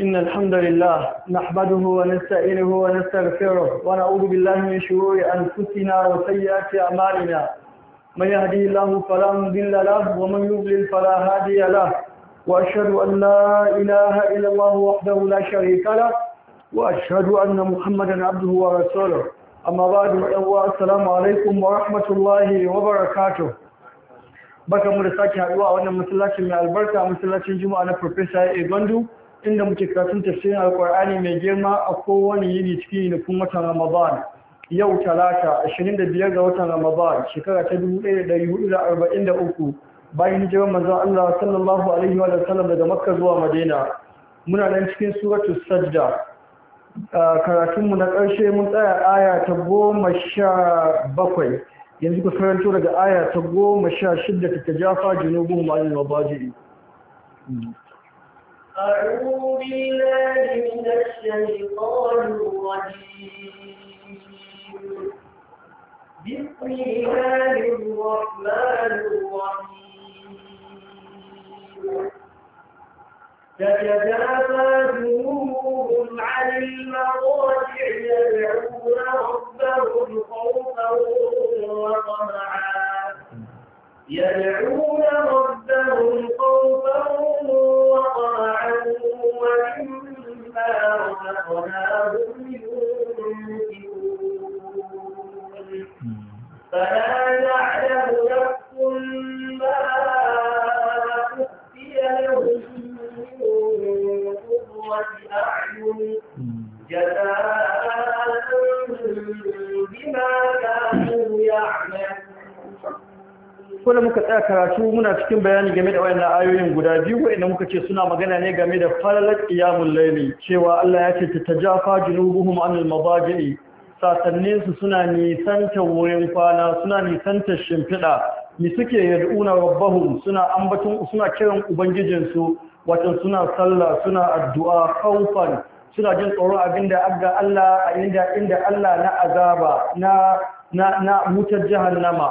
إن الحمد لله نحمده ونستعينه ونستغفره ونعوذ بالله من شرور أنفسنا وسيئات أعمالنا من يهدي الله فلا مضل له ومن يضلل فلا هادي له وأشهد أن لا إله إلا الله وحده لا شريك له وأشهد أن محمدا عبده ورسوله أما بعد السلام عليكم ورحمة الله وبركاته baka mu da sake haduwa a wannan masallacin mai albarka masallacin juma'a na Professor Egondu inda muke karatun tafsirin alkur'ani mai girma a kowane yini cikin kun watan ramadan yau talata 25 ga watan ramadan shekara ta 1443 bayan hijirar manzon Allah sallallahu alaihi wa sallam daga makka zuwa madina muna nan cikin suratul sajda karatunmu na karshe mun tsaya aya ta goma sha bakwai yanzu ku karanto daga aya ta goma sha shidda ta jafa junubun ma'anin wa أعوذ بالله من الشيطان الرجيم بسم الله الرحمن الرحيم تتجافى جنوبهم عن المضاجع يدعون ربهم خوفا وطمعا يدعون ربهم خوفا وطمعا ومما رزقناهم ينفقون فلا يعلم نفس ما أخفي لهم من قرة أعين جزاء بما ko da muka tsaya karatu muna cikin bayani game da wayannan ayoyin guda biyu wayanda muka ce suna magana ne game da falalat qiyamul layli cewa Allah ya ce tatajafa junubuhum anil mabaji'i sasannin su suna nisanta wurin kwana suna nisanta shimfiɗa ni suke yad'una rabbahum suna ambaton suna kiran ubangijinsu wato suna sallah suna addu'a khawfan suna jin tsoron abinda aga Allah a inda inda Allah na azaba na na na mutar jahannama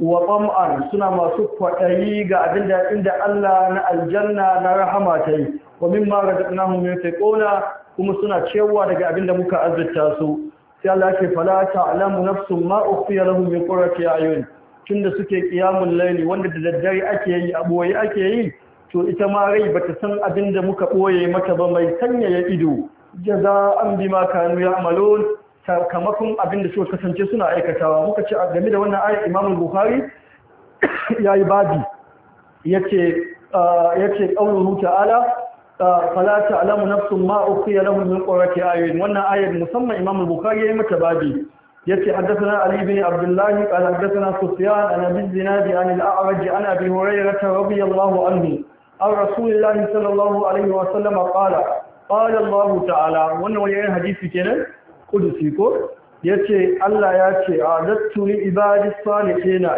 wa ɓam'an suna masu kwaɗayi ga abin da inda Allah na aljanna na rahama ta yi wa min ma ga mai hummin ƙona kuma suna cewa daga abin da muka azurta su sai Allah ke fala ta alamu nafsun ma mai lahum min tun tunda suke ƙiyamun laini wanda da daddare ake yi a boye ake yi to ita ma rai ba ta san abin da muka ɓoye mata ba mai sanyaya ido bi bima kanu amalon sakamakon abin da suka kasance suna aikatawa muka ce game da wannan ayat imamul bukhari yayi babi yace yace qaulun ta'ala fala ta'lamu nafsun ma ukhfiya lahum min qurrati ayun wannan ayat musamman imamul bukhari yayi mata babi يتي حدثنا علي بن عبد الله قال حدثنا سفيان عن ابي الزناد عن الاعرج عن ابي هريره رضي الله عنه عن رسول الله صلى الله عليه وسلم قال قال wannan wajen hadisi kenan kudusi ko ya ce Allah ya ce a zattu ni ibadis salihina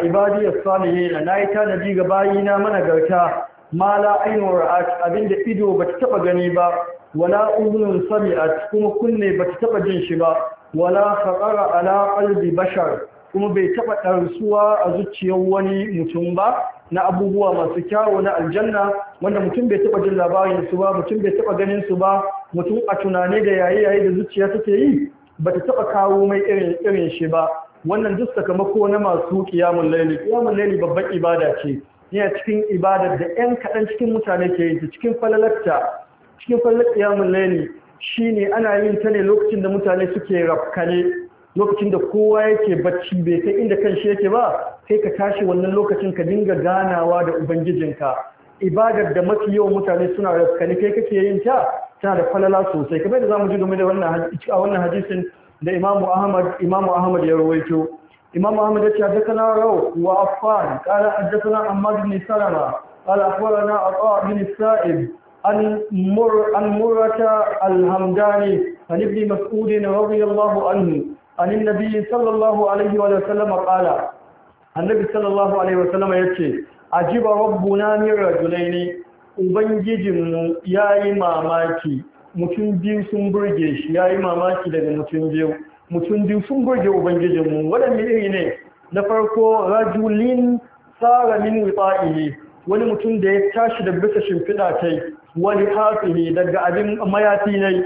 salihe na yi tanadi ga bayina mana garta. la ainihin ra'at abinda ido ba ta taba gani ba wala sami sami'at kuma kunne ba ta taba jin shi ba wala faƙara ala qalbi bashar kuma bai taba ɗarsuwa a zuciyar wani mutum ba na abubuwa masu kyawo na aljanna wanda mutum bai taba jin labarin su ba mutum bai taba ganin su ba mutum a tunane da yayi yayi da zuciya take yi ba ta taɓa kawo mai irin irin shi ba wannan duk sakamako na masu kiyamul laili kiyamul laili babban ibada ce yana cikin ibadar da ƴan kaɗan cikin mutane ke yi cikin falalatta. cikin falalar kiyamul laili shine ana yin ta ne lokacin da mutane suke rafkane lokacin da kowa yake bacci bai kai inda kan shi yake ba Kai ka tashi wannan lokacin ka dinga ganawa da ubangijinka ibadar da mafi yawan mutane suna rafkane kai kake yin ta tana da falala sosai kamar da zamu ji game da wannan a wannan hadisin da Imam Ahmad Imam Ahmad ya rawaito Imam Ahmad yace hadathana Raw wa Affan qala hadathana Ahmad ibn Salama qala akhbarana Atha ibn Sa'ib an mur an murata al-Hamdani an ibn Mas'ud radiyallahu anhu an an-nabi sallallahu alaihi wa sallam qala annabi sallallahu alaihi wa sallam yace ajiba rabbuna min rajulaini ubangijinmu ya yi mamaki mutum biyu sun burge shi ya yi mamaki daga mutum biyu mutum biyu sun burge ubangijinmu "Waɗanne iri ne na farko rajulin tsara min ne. wani mutum da ya tashi da bisa shimfiɗa kai wani ne daga abin mayafi ne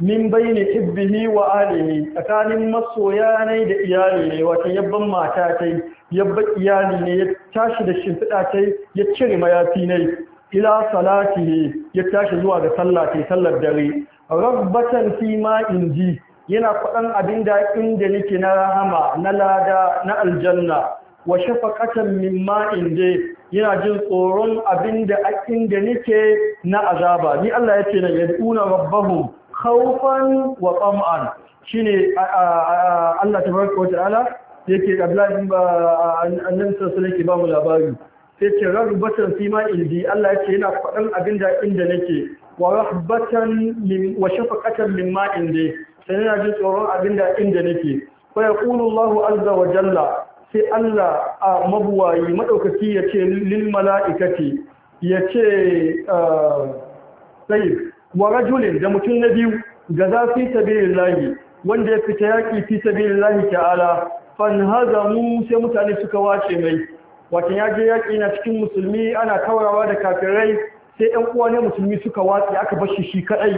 min ne tibbihi wa tsakanin masoya ne da iyali ne wata yabban mata tai yabban iyali ne ya tashi da shimfiɗa ya cire mayafi ne ila salatihi ya tashi zuwa ga sallah ke sallar dare rabbatan fi ma inji yana kwaɗan abin da inda nake na rahama na lada na aljanna wa shafaqatan min ma inji yana jin tsoron abin da inda nake na azaba ni Allah yace na yad'una rabbahum khawfan wa tam'an shine Allah tabaraka wa ta'ala yake Abdullahi annabi sallallahu alaihi wasallam ke ba mu labari sai ce rahbatan fi ma ildi Allah ya ce yana faɗan abin da inda nake wa rahbatan min wa shafaqatan min ma indi sai yana jin tsoron abin da inda nake fa yaqulu Allahu azza wa jalla sai Allah a mabuwayi madaukaki ya ce lil mala'ikati ya ce sai wa rajulin da mutum na biyu ga zafi sabilillahi wanda ya fita yaki fi sabilillahi ta'ala fanhazamu sai mutane suka wace mai watan ya je yaƙi na cikin musulmi ana taurawa da kafirai sai ɗan uwa ne musulmi suka watsi aka bashi shi kaɗai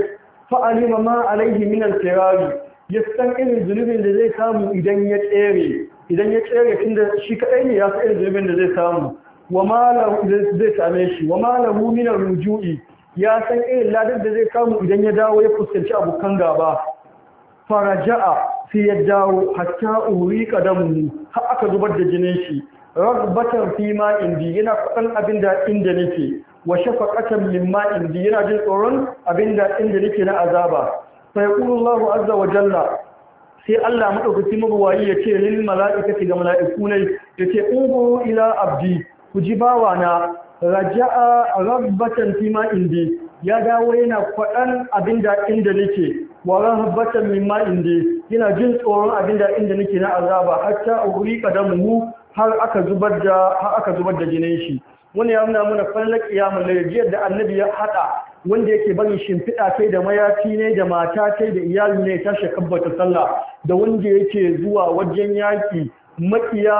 fa’ali ma alaihi minan al ya san irin zunubin da zai samu idan ya tsere idan ya tsere da shi kaɗai ne ya san irin zunubin da zai samu wa zai same shi wa rujui ya san irin ladar da zai samu idan ya dawo ya fuskanci abokan gaba faraja'a sai ya dawo hatta uri qadamu har aka zubar da jinin shi ragbatan fi indi yana kwaɗan abin da inda nake wa shafaqatan min indi yana jin tsoron abin da inda nake na azaba Sai yaqulu azza wa jalla sai Allah madaukaki mabuwayi yace lil mala'ikati ga mala'iku ne yace ubu ila abdi ku ji bawa na raja'a ragbatan fi indi ya dawo yana kwaɗan abin da inda nake wa ragbatan min indi yana jin tsoron abin da inda nake na azaba hatta wuri qadamuhu har aka zubar da har aka zubar da jinin shi wani ya nuna mana fallar kiyamul layl da annabi ya hada wanda yake barin shimfiɗa kai da mayafi ne da mata kai da iyali ne tashi kabbata sallah da wanda yake zuwa wajen yaki makiya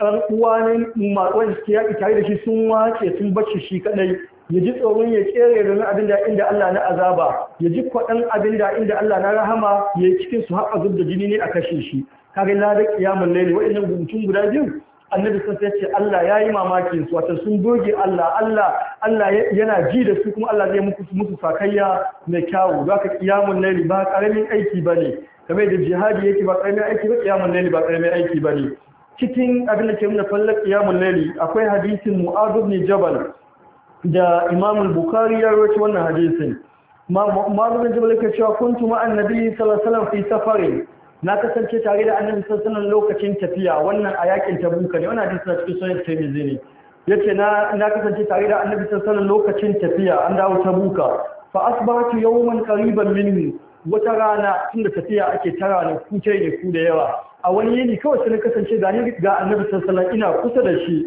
ran uwa ne wanda suke yaki tare da shi sun wace sun bacci shi kadai ya ji tsoron ya kere domin abin da inda Allah na azaba ya ji kwaɗan abin da inda Allah na rahama yayi cikin su har a da jini ne a kashe shi kaga na da kiyamul laili wa'annan gumtun guda biyu annabi sun sai ce Allah ya yi mamakin su wata sun doge Allah Allah Allah yana ji da su kuma Allah zai muku musu sakayya mai kyawu za ka kiyamun laili ba karamin aiki ba ne kamar da jihadi yake ba karamin aiki ba kiyamun laili ba karamin aiki ba ne cikin abin da ke nuna fallar kiyamun laili akwai hadisin mu'adh ibn jabal da imam al-bukhari ya rawaito wannan hadisin mu'adh ibn jabal yake cewa kuntu ma'an nabi sallallahu alaihi wasallam fi safarin na kasance tare da annabi sallallahu lokacin tafiya wannan a yakin tabuka ne wannan hadisi na cikin sahih tirmidhi ne yace na na kasance tare da annabi sallallahu lokacin tafiya an dawo tabuka fa asbahtu yawman qariban minhu wata rana tunda tafiya ake tara ne ku ne ku da yawa a wani yini kawai sai na kasance ga ga annabi sallallahu ina kusa da shi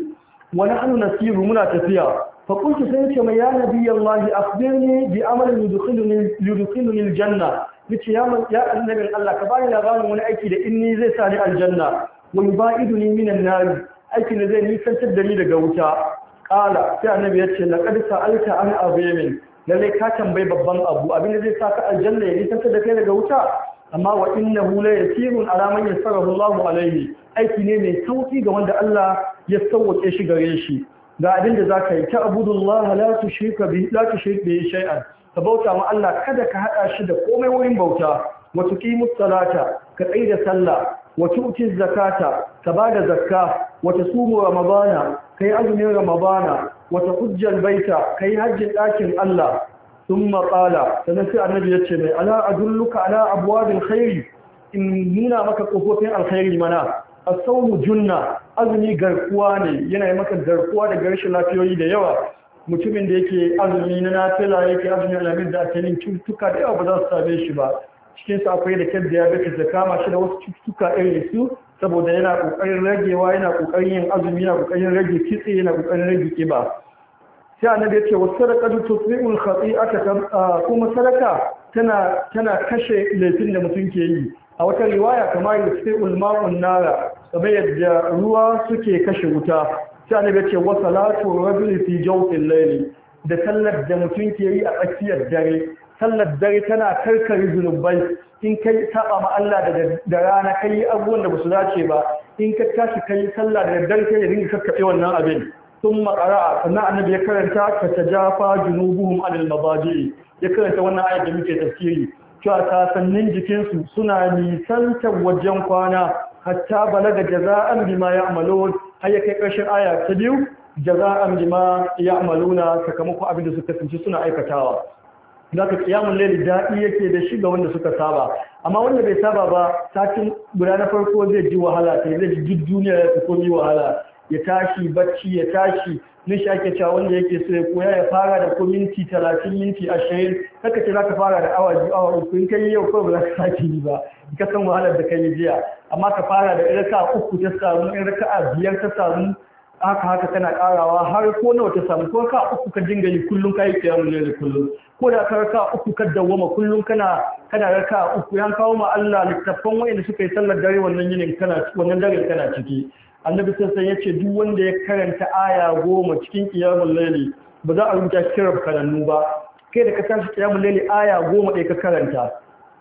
wa nahnu nasiru muna tafiya fa kuntu sai ce mai ya nabi Allah akhbirni bi amalin yudkhiluni yudkhiluni aljanna yace ya annabin Allah ka bani labarin wani aiki da inni zai sa ni aljanna wa yubaiduni minan nar Aiki da zai nisantar da ni daga wuta kala sai annabi na laqad sa'alta an min. lalle ka tambayi babban abu abin da zai sa ka aljanna ya nisantar da kai daga wuta amma wa hula ya yasirun ala man yasarahu Allahu alaihi aiki ne mai sauƙi ga wanda Allah ya sauke shi gare shi ga abin da ka yi ta abudullahi la tushrika bi la tushrik shay'an ka bauta ma Allah kada ka haɗa shi da komai wurin bauta wa tuqimus salata ka tsai da sallah wa tu'ti zakata ka ba da zakka wa mabana, ka yi azumin ramabana wata hujjar baita kai hajjin ɗakin Allah thumma qala sannan sai annabi yace mai ala adulluka ala abwabil khairi in nuna maka kofofin alkhairi mana asawmu junna azumi garkuwa ne yana maka garkuwa da garshi lafiyoyi da yawa mutumin da yake azumi na nafila yake azumi alamin da asalin cututtuka da yawa ba za su same shi ba cikin su akwai da kyan diabetes da kama shi da wasu cututtuka irin su saboda yana kokarin ragewa yana kokarin yin azumi yana kokarin rage kitse yana kokarin rage kiba sai annabi ya ce wa sadaqatu tusbi'ul khati'ata kuma sadaka tana tana kashe laifin da mutum ke yi a wata riwaya kamar yusbi'ul ma'un nara kamar yadda ruwa suke kashe wuta sai annabi ce wa salatu rajuli fi jawfil da sallar da mutum ke yi a tsakiyar dare sallar dare tana karkare zunubai in kai saba ma Allah da rana kai abuwan da basu dace ba in ka tashi kai sallah da dare kai ya dinga kakkabe wannan abin thumma qara'a sannan na ya karanta ka tajafa junubuhum anil mabaji ya karanta wannan ayat da muke tafsiri cewa kasannin jikinsu suna nisantar wajen kwana hatta balaga jaza'an bima ya'malun har ya kai ƙarshen aya ta biyu jaza'an ya amaluna sakamako abin da suka tsinci suna aikatawa da ka kiyamun laili daɗi yake da shi ga wanda suka saba amma wanda bai saba ba satin guda na farko zai ji wahala ta. yi zai ji duk duniya ya fi komi wahala ya tashi bacci ya tashi ne ake cewa wanda yake so ya koya ya fara da ko minti talatin minti ashirin kaka ce za ka fara da awa biyu awa uku in ka yi yau kawai ba za ka sake yi ba ka san wahalar da ka yi jiya amma ka fara da raka'a uku ta samu in a biyar ta samu haka haka tana karawa har ko nawa ta samu ko ka uku ka dinga yi kullum ka yi kiyamu ne da kullum ko da ka raka uku ka dawwama kullum kana kana raka uku yan kawo ma Allah littafan wayanda suka yi sallar dare wannan yinin kana wannan dare kana ciki annabi sassan ya ce duk wanda ya karanta aya goma cikin kiyamun laili ba za a rubuta kiran karannu ba kai da ka tashi kiyamun laili aya goma ɗaya ka karanta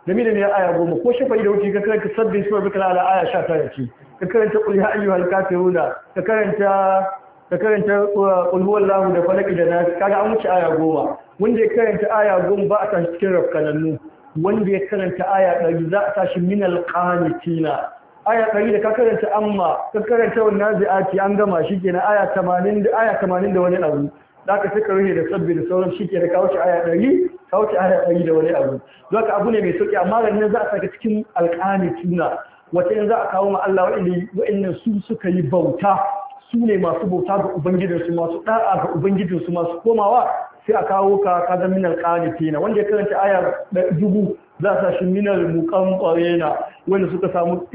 game da ne aya goma ko shafa'i da wuce ka karanta sabbin suwar bika ala aya sha tara ce ka karanta ƙul ya ayyuhal kafiruna ka karanta ka karanta uh, ulhuwan lahu da falaki da nasi kaga an wuce aya goma wanda ya karanta aya goma ba a tashi cikin karannu wanda ya karanta aya ɗari za a tashi minal qanitina aya ɗari da ka karanta amma ka karanta wannan zai'ati an gama shi kenan aya tamanin da aya tamanin da wani abu za ka suka rufe da sabbi da sauran shi kenan ka wuce aya ɗari ka wuce aya ɗari da wani abu za ka abu ne mai sauƙi amma nan za a saka cikin alƙani tuna wata in za a kawo ma Allah waɗannan su suka yi bauta su ne masu bauta ga ubangijinsu masu ɗa'a ga ubangijinsu masu komawa sai a kawo ka ka zama min alƙani wanda ya karanta aya dubu za a sa shi minar mukan wanda suka samu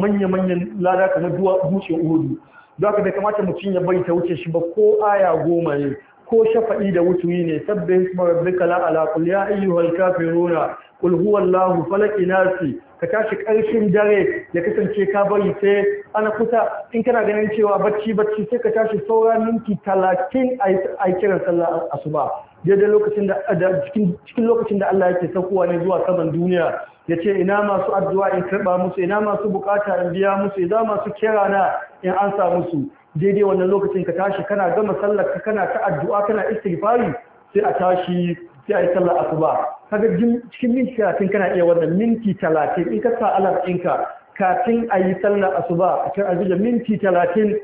manya-manyan lada kamar dutsen uhudu za ka bai kamata mutum ya bai ta wuce shi ba ko aya goma ne ko shafa'i da wuturi ne sabbin ismar kala la ala qul ya ayyuhal kafiruna qul huwallahu nasi ka tashi ƙarshen dare ya kasance ka bari sai ana kusa in kana ganin cewa bacci bacci sai ka tashi sauran minti talatin a kiran sallah asuba daidai lokacin da cikin lokacin da Allah yake saukowa ne zuwa saman duniya ya ce ina masu addu'a in karɓa musu ina masu bukata in biya musu ina masu kira na in ansa musu daidai wannan lokacin ka tashi kana gama sallar kana ta addu'a kana istighfari sai a tashi sai a yi sallar asuba kaga cikin minti talatin kana iya wannan minti talatin in ka sa alam ɗinka kafin a yi sallar asuba a cikin azuja minti talatin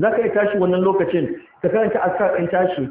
za ka iya tashi wannan lokacin ka karanta askar ɗin tashi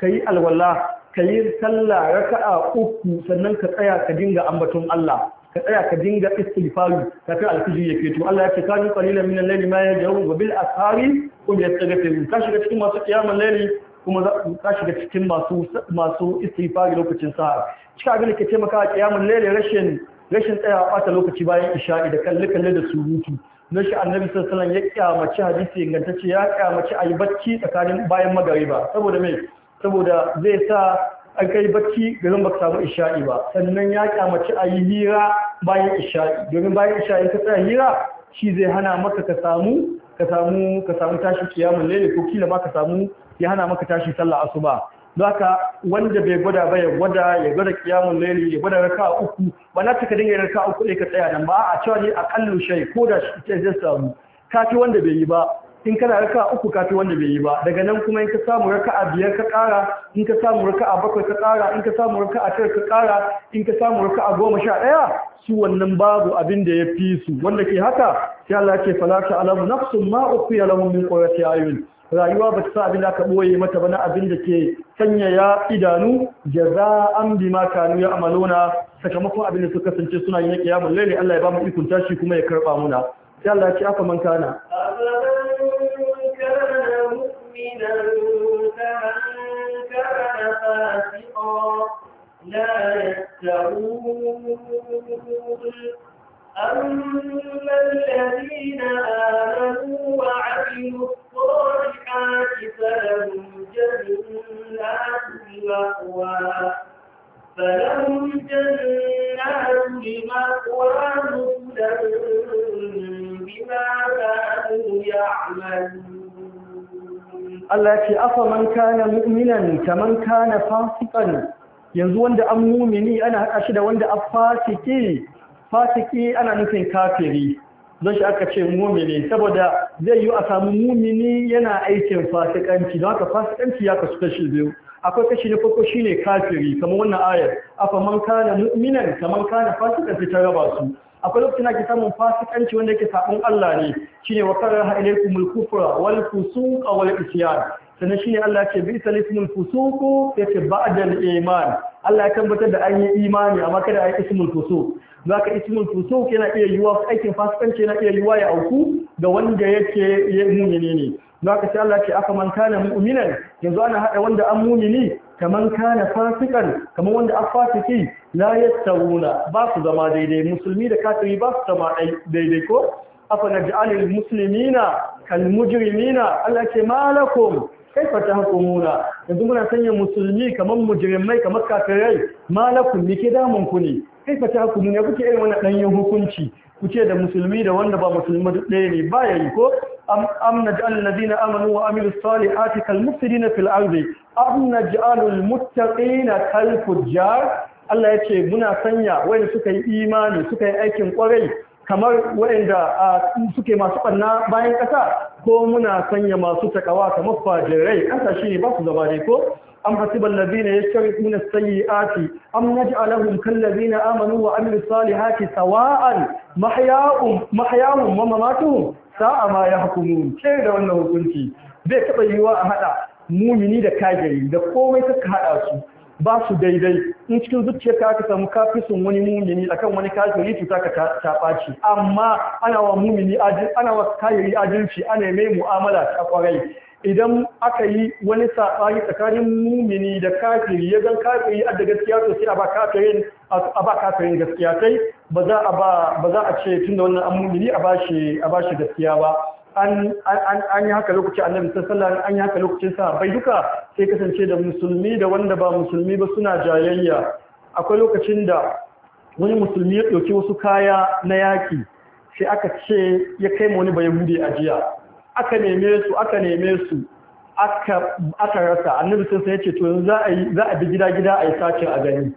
ka yi alwala ka yi sallah raka'a uku sannan ka tsaya ka dinga ambaton Allah ka tsaya ka dinga istighfaru kafin alfiji ya fito Allah ya ce kanu qalilan min al-layli ma yaj'u wa bil ashari hum yastaghfirun ka shiga cikin masu qiyamul layli kuma za shiga cikin masu masu istighfari lokacin sa'a cika gani ka ke maka a kiyamul rashin rashin tsaya a bata lokaci bayan isha'i da kalle kalle da surutu na shi annabi sallallahu alaihi wasallam ya kiyamaci hadisi ingantacce ya kiyamaci ayi bacci tsakanin bayan ba saboda me saboda zai sa an kai bacci garin ba samu isha'i ba sannan ya kyamaci a yi hira bayan isha'i domin bayan isha'i ka tsaya hira shi zai hana maka ka samu ka samu ka samu tashi kiyamun lele ko kila ma ka samu ya hana maka tashi sallah asuba haka wanda bai gwada ba ya gwada ya gwada kiyamun laili ya gwada raka uku ba na ka dinga raka uku ne ka tsaya nan ba a cewa ne akallu shay ko da shi zai samu kafi wanda bai yi ba in kana raka uku kafi wanda bai yi ba daga nan kuma in ka samu raka a biyar ka kara in ka samu raka a bakwai ka kara in ka samu raka a tara ka kara in ka samu raka a goma sha ɗaya su wannan babu abin da ya fi su wanda ke haka sai Allah ke ta alamu nafsun ma ukhfiya lahum min qurrati ayun rayuwa ba ta sa abin da aka ɓoye mata ba na abin da ke sanya ya idanu an bi ma kanu ya amalona sakamakon abin da suka kasance suna yin kiyamun lele Allah ya ba mu ikon tashi kuma ya karɓa muna sai Allah ya ce aka man na أما الذين آمنوا وعملوا فلهم جنات مأوى بما كانوا يعملون Allah ce afa man kana mu'minan kaman kana fasikan yanzu wanda an mumini ana haka shi da wanda an fasiki fasiki ana nufin kafiri don shi aka ce mumini saboda zai yi a samu mumini yana aikin fasikanci don haka fasikanci ya kasu kashi biyu akwai kashi na farko shine kafiri kamar wannan ayar afa man kana mu'minan kamar kana fasikan ta raba su akwai lokacin ke samun fasikanci wanda yake sabon Allah ne shine wa karaha ilaykumul kufra wal fusuq wal isyan sannan shine Allah ce bi salismul yake yace al iman Allah ya tabbatar da an yi imani amma kada a yi ismul fusuq zaka ismul fusuq yana iya yiwa aikin fasikanci yana iya yiwa ya auku ga wanda yake ya mu'mini ne don haka Allah ce aka man kana mu'minan yanzu ana hada wanda an mumini kaman kana fasikan kaman wanda an fasiki la yattawuna ba su zama daidai musulmi da kafiri ba su zama daidai ko afa naj'alul muslimina kal mujrimina Allah ce malakum kaifa tahkumuna yanzu muna sanya musulmi kaman mujrimai kaman kafirai malakum mike damun ku ne kaifa tahkumuna kuke irin wannan yin hukunci ku ce da musulmi da wanda ba musulmi duk ɗaya ne ba yi ko am naj'al ladina amanu wa amilu salihati kal Musulina fil ardi am naj'alul muttaqina kal fujjar Allah ya ce muna sanya wanda suka yi imani suka yi aikin kwarai kamar waɗanda suke masu ɓanna bayan ƙasa ko muna sanya masu takawa kamar fajirai ƙasa shine ne ba su zama ko am ya allazina yastaghifuna as-sayyi'ati am naj'aluhum kallazina amanu wa amilu as-salihati sawa'an mahya'uhum mahya'uhum sa'a ma yahkumun ce da wannan hukunci bai taba yiwuwa a haɗa mumini da kafiri da komai kaka haɗa su ba su daidai in cikin zuciyar ta ka samu kafisun wani mumini akan wani kafiri to ta ka ci amma ana wa mumini ajin ana wa ana mai mu'amala ta kwarai idan aka yi wani saɓani tsakanin mumini da kafiri ya zan kafiri a da gaskiya to sai a ba kafirin gaskiya sai ba za a ba ba za ce tunda wannan an mumini a ba a gaskiya ba an an yi haka lokaci annabi sallallahu alaihi an yi haka lokacin bai duka sai kasance da musulmi da wanda ba musulmi ba suna jayayya akwai lokacin da wani musulmi ya ɗauki wasu kaya na yaƙi sai aka ce ya kai ma wani bayan a jiya aka neme su aka neme su aka rasa annabi sun sai ce to za a bi gida gida a yi sace a gani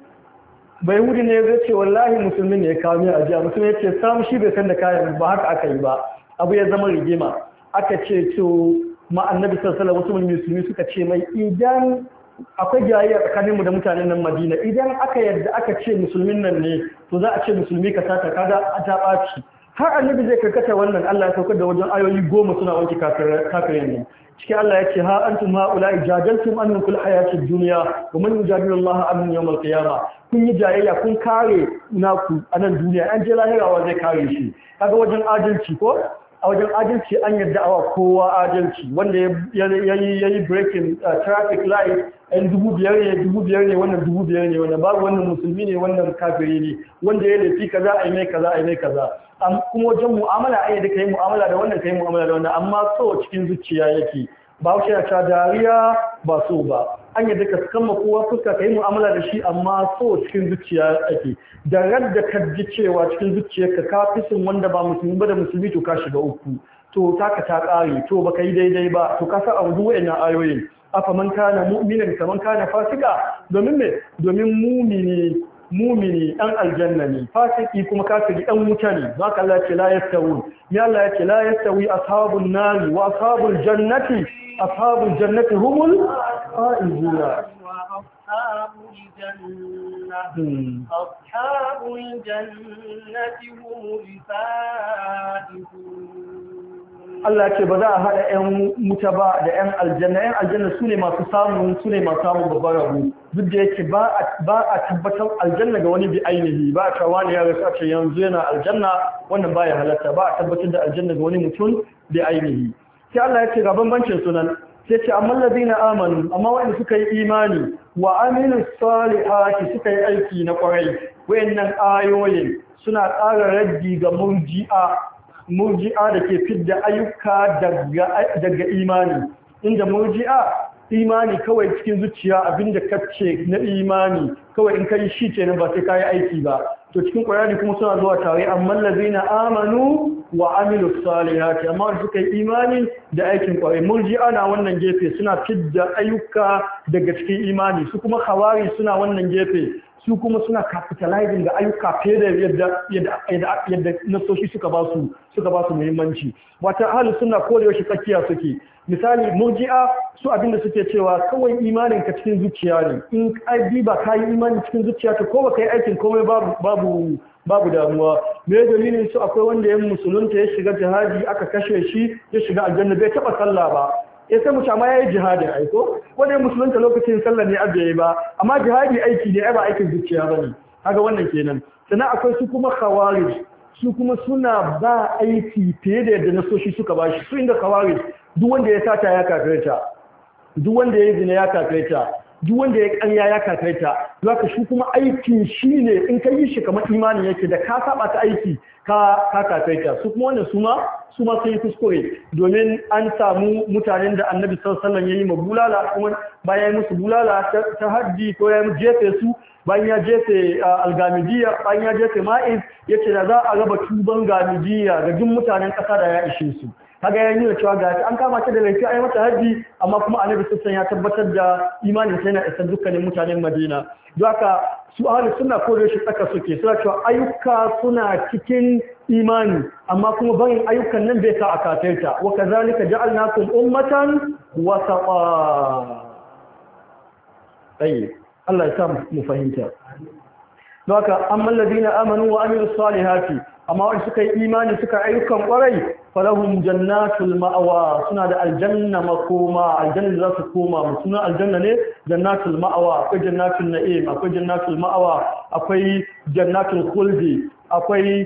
bai wuri ne zai ce wallahi musulmi ne ya kawo mai ajiya musulmi ya ce samu shi bai san da kayan ba haka aka yi ba abu ya zama rigima aka ce to ma annabi alaihi wasu musulmi suka ce mai idan akwai jayayya mu da mutanen nan madina idan aka yadda aka ce musulmin nan ne to za a ce musulmi ka sata kaga ta ɓaci har annabi zai karkata wannan Allah ya saukar da wajen ayoyi goma suna wanke kafirin nan cikin Allah ya ce ha antum haula ijajaltum an kul hayatid dunya wa man yujadilu Allah an yawm al kun yi jayayya kun kare naku a nan duniya an je lahirawa zai kare shi kaga wajen adalci ko a wajen adalci an yarda awa kowa adalci wanda ya yi breaking uh, traffic light yan dubu biyar ne dubu biyar ne wannan dubu biyar ne wannan babu wannan musulmi ne wannan kafiri ne wanda ya laifi kaza a yi mai kaza a yi mai kaza kuma wajen mu'amala a yadda ka yi mu'amala da wannan ka yi mu'amala da wannan amma so cikin zuciya yake ba wuce ya ta dariya ba so ba an yarda su kama kowa fuska ka yi mu'amala da shi amma so cikin zuciya ake da radda ka ji cewa cikin zuciyarka ka fi sun wanda ba musulmi ba da musulmi to ka shiga uku to taka ta ƙare to ba ka yi daidai ba to ka sa abu wa'ina ayoyin afa man kana da kaman kana fasika domin me domin mumini mumini ɗan aljanna ne fasiki kuma kafiri ɗan wuta ne za ka Allah ce la yastawi ya Allah ya ce la yastawi nari wa ashabul jannati ashabul jannati humul faizuna أصحاب الجنة Allah ce ba za a haɗa ‘yan muta ba da ‘yan aljanna, ‘yan aljanna su ne masu samun su ne masu samun babbar rabu, duk da yake ba a tabbatar aljanna ga wani bi ainihi ba a kawo ne ya rasa ce yanzu yana aljanna wannan ba ya halatta ba a tabbatar da aljanna ga wani mutum bi ainihi. sai Allah ya ce ga bambancin sunan sai ce amma ladina amanu amma wanda suka yi imani wa aminu salihati suka yi aiki na kwarai wayannan ayoyin suna ƙara raddi ga murji'a murji'a da ke fidda ayyuka daga daga imani inda murji'a imani kawai cikin zuciya abinda kace na imani kawai in kai shi ce ne ba sai kai aiki ba to cikin qur'ani kuma suna zuwa tare amma ladina amanu wa amilu salihati amma suka yi imani da aikin kwarai murji ana wannan gefe suna fidda ayyuka daga cikin imani su kuma hawari suna wannan gefe su kuma suna capitalizing da ayyuka fiye da yadda yadda nasoshi suka ba su suka ba su muhimmanci wata ahli sunna ko da tsakiya suke misali murji'a su abinda suke cewa kawai imanin ka cikin zuciya ne in ai ba kai imani cikin zuciya ta ko ba kai aikin komai babu babu babu damuwa me dalilin su akwai wanda ya musulunta ya shiga jihadi aka kashe shi ya shiga aljanna bai taba sallah ba ya sai mutum ya yi jihadi aiko wanda ya musulunta lokacin sallah ne abu ba amma jihadi aiki ne ai ba aikin zuciya ba ne. haka wannan kenan sannan akwai su kuma khawarij su kuma suna ba aiki fiye da yadda nasoshi suka ba shi su inda khawarij duk wanda ya sata ya kafirta duk wanda ya yi zina ya kafirta duk wanda ya kanya ya kafaita za ka shi kuma aikin shi ne in ka yi shi kamar imanin yake da ka saba ta aiki ka kafaita su kuma wannan su ma su ma sun yi kuskure domin an samu mutanen da annabi sallallahu ya yi ma bulala kuma bayan musu bulala ta haddi ko ya jefe su bayan ya jefe algamidiya bayan ya jefe ma'iz ya da za a raba tuban gamidiya ga duk mutanen ƙasa da ya ishe su kaga ya nuna cewa ga an kama ta da laifi ai mata haji amma kuma annabi sassan ya tabbatar da imanin sai na isa dukkanin mutanen Madina don haka su ahlus sunna ko da shi tsaka suke suna cewa ayyuka suna cikin imani amma kuma barin ayyukan nan bai sa a kafirta wa kazalika ja'alnakum ummatan wasata tayyib Allah ya sa mu fahimta don haka amma alladhina amanu wa amilus salihati amma wanda suka yi imani suka ayyukan kwarai falahum jannatul ma'awa suna da aljanna makoma aljanna za su koma suna aljanna ne jannatul ma'awa akwai jannatul na'im akwai jannatul ma'awa akwai jannatul khuldi akwai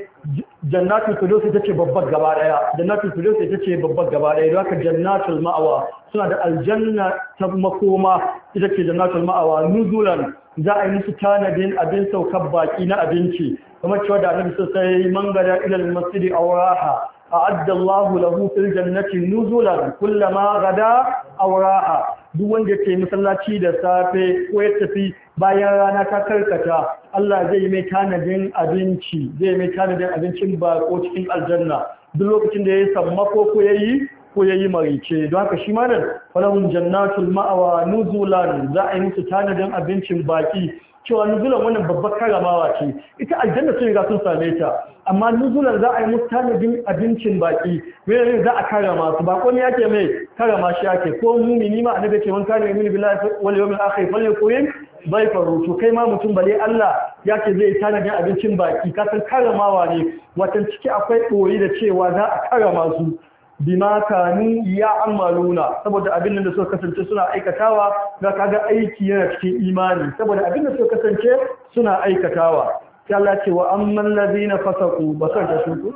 jannatul firdaus ita ce babbar gaba daya jannatul firdaus ita ce babbar gaba daya don haka jannatul ma'awa suna da aljanna ta makoma ita ce jannatul ma'awa nuzulan za a yi musu tanadin abin saukar baki na abinci kamar cewa da annabi sai mangara ilal masjidi awraha A'adda الله له في الجنة نزلا كلما غدا أو راء duk wanda yake masallaci da safe ko ya tafi bayan rana ta karkata Allah zai mai tanadin abinci zai mai tanadin abincin bako cikin aljanna duk lokacin da ya sammako ko yayi ko yayi marice don haka shi ma nan falahum jannatul ma'awa nuzulan za a yi musu tanadin abincin baki cewa nuzulan wannan babbar karamawa ce ita aljanna sun riga sun same ta amma nuzulan za a yi musu tanadin abincin baki wani za a karama su ba komai yake mai karama shi yake ko mumini ma annabi ce wani kare mini billahi wal yawmil akhir fal yakun bai faru to kai ma mutum bale Allah yake zai tanadin abincin baki kasan san karamawa ne watan ciki akwai koyi da cewa za a karama su bima kanu amaluna saboda abin da suka kasance suna aikatawa ga kaga aiki yana cikin imani saboda abin da suka kasance suna aikatawa sai Allah ce wa amman ladina fasaqu basan ta shuku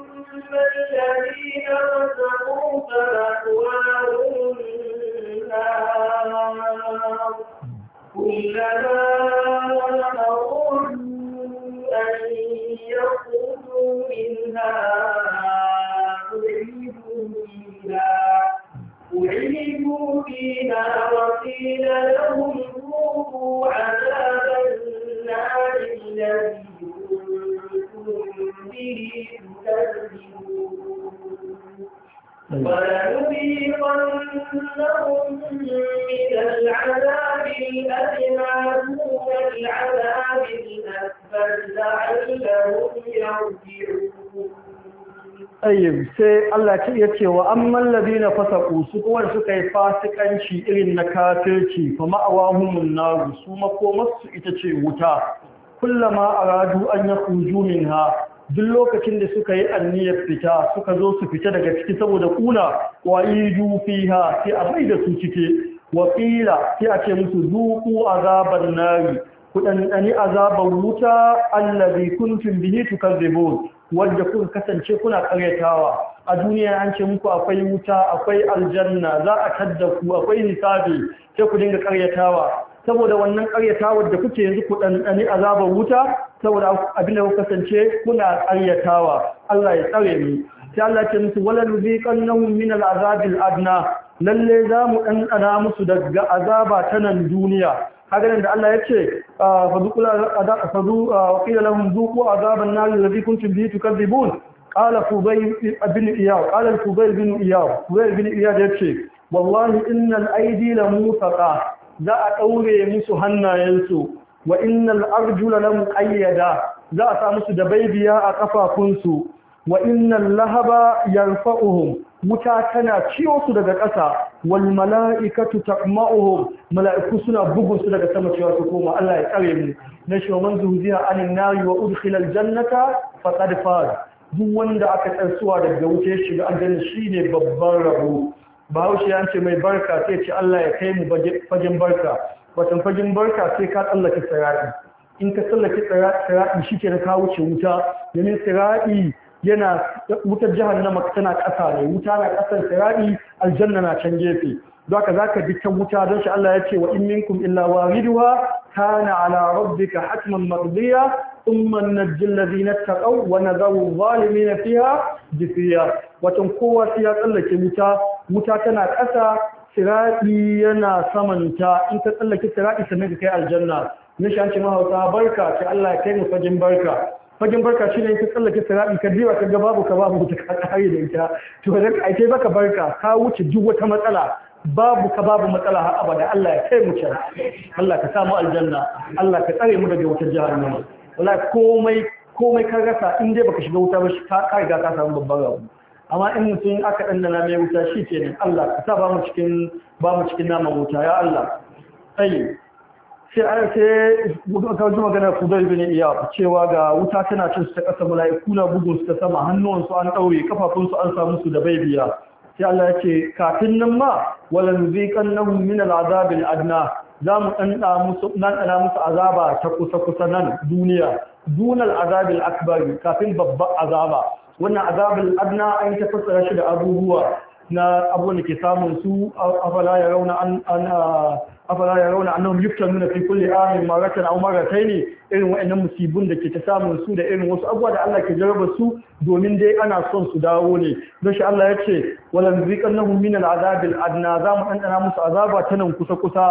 كلما أن يخرجوا منها أعيدوا فيها أعيدوا فيها وقيل لهم sai Allah ya ce wa amman ladina fasaqu su kuma suka yi fasikanci irin na kafirci fa ma'awahumun nar su masu ita ce wuta kullama aradu an yakhruju minha duk lokacin da suka yi anniyar fita suka zo su fita daga ciki saboda kula wa yidu fiha sai a bai da su cike wa qila sai a ce musu zuqu azaban nari ku ɗanɗani azaban wuta allazi kuntum bihi tukadzibun wadda kuka kasance kuna karyatawa a duniya an ce muku akwai wuta akwai aljanna za a tadda ku akwai hisabi sai ku dinga karyatawa saboda wannan karyatawar da kuke yanzu ku ɗanɗani azabar wuta saboda abin da kuka kasance kuna karyatawa Allah ya tsare mu sai Allah ya ce musu walal nuziqannahum min al'azabil adna lalle za mu ɗanɗana musu daga azaba ta nan duniya haganin da Allah ya ce ah, fadu ah, waƙila lahun zuku a zaben na lalazi kuncin biyu tukar zibun ƙala fubai bin iyaw ƙala fubai bin iyaw fubai bin iyaw ya ce wallahi innal aidi la musaka za a ɗaure musu hannayensu wa innal arjula la muqayyada za a sa musu da baibiya a kafafunsu wa innal lahaba yarfa'uhum wuta tana ciwo su daga ƙasa wal mala'ikatu taqma'uhum mala'iku suna bugun su daga sama cewa su koma Allah ya tsare mu na shi man zuziya anin nari wa udkhila al jannata faqad faz duk wanda aka tsarsuwa daga wuta ya shiga aljanna shine babban rabo bahaushe ya ce mai barka sai ce Allah ya kai mu fagen barka watan fagen barka sai ka tsallake tsirari in ka tsallake tsirari shi ke da ka wuce wuta domin tsirari yana wutar jahannama tana ƙasa ne wuta na ƙasar sirari aljanna na can gefe don haka zaka bi ta wuta don shi Allah ya ce wa in minkum illa waridha kana ala rabbika hatman mardiya thumma najjil ladina taqaw wa nadharu zalimin fiha jifiya watan kowa sai ya tsallake wuta wuta tana ƙasa sirari yana samanta in ka tsallake sirari sannan ka kai aljanna Nishancin ce barka ta Allah ya kai mu fajin barka fagen barka shi ne ka tsallake sarabi ka jiwa ka ga babu ka babu ta ka kare da ita to da ai sai baka barka ka wuce duk wata matsala babu ka babu matsala har abada Allah ya kai mu Allah ka samu aljanna Allah ka tsare mu daga wata jihar wallahi komai komai ka rasa in dai baka shiga wuta ba ka ka riga ka samu babban rabu amma in mutum aka dandana mai wuta shi ne Allah ka sa ba mu cikin ba naman wuta ya Allah sai an sai makamanci magana kudar bin iya cewa ga wuta tana cin su ta kasa mala'iku na bugun su ta sama su an ɗaure su an samu su da bai biya sai Allah ya ce kafin nan ma wala nuziqannahum min al'azabil adna za mu ɗanɗana musu azaba ta kusa kusa nan duniya dunal azabil akbari kafin babban azaba wannan azabin adna an ta fassara shi da abubuwa na abubuwan da ke samun su afala ya rauna an afala ya rauna annahum yuftanuna fi kulli amin maratan aw maratayn irin wa'annan musibun da ke ta samun su da irin wasu abubuwa da Allah ke jarraba su domin dai ana son su dawo ne don shi Allah ya ce walan ziqannahum min al'azabil adna za mu dandana musu azaba ta nan kusa kusa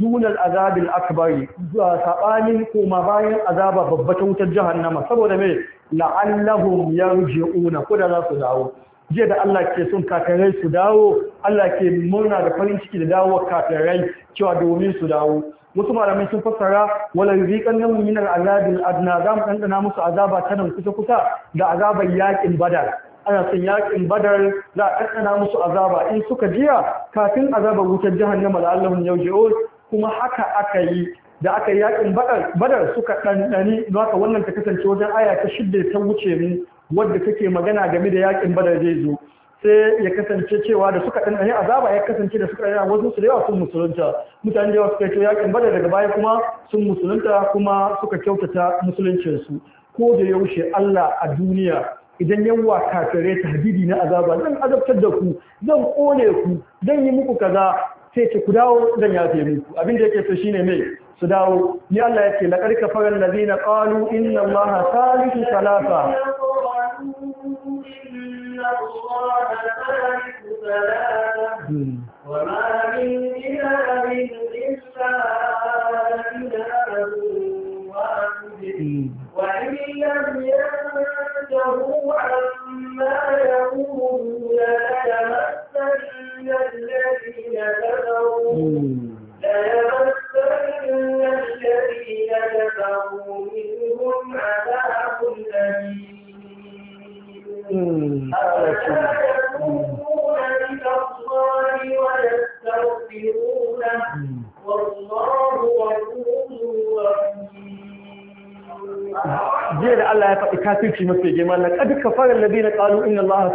dunal azabil akbari zuwa sabanin koma bayan azaba babba ta wutar jahannama saboda me la'allahum yarji'una ko da za su dawo jiya da Allah ke son kafirai su dawo Allah ke murna da farin ciki da dawo kafirai cewa domin su dawo wasu malamai sun fassara wala yuriqan nan min azabin adna zam dan dana musu azaba ta nan kusa kusa da azabar yakin badar ana son yaƙin badar za a ɗanɗana musu azaba in suka jiya kafin azabar wutar jahannama la'allahum yawji'un kuma haka aka yi da aka yi yakin badar suka ɗanɗani na haka wannan ta kasance wajen aya ta shidda ta wuce mu wadda take magana game da yakin badar zai zo sai ya kasance cewa da suka ɗan azaba ya kasance da suka ɗan wasu su yawa sun musulunta mutane da suka yi yakin badar daga baya kuma sun musulunta kuma suka kyautata su ko da yaushe Allah a duniya idan yawa ta hadidi na azaba zan azabtar da ku zan kone ku zan yi muku kaza sai ce ku dawo zan yafe muku abin da yake so shine mai su dawo ni Allah yake laqad faran ladina qalu inna allaha salisu salasa إن الله ثالث ثلاثة وما من إله إلا إله واحد وإن لم ينتهوا عما يقولون ليمسن الذين كفروا منهم عذاب أليم jiya da Allah ya faɗi kafirci mafi girma na ƙadu kafarar labi na ƙalu inna Allah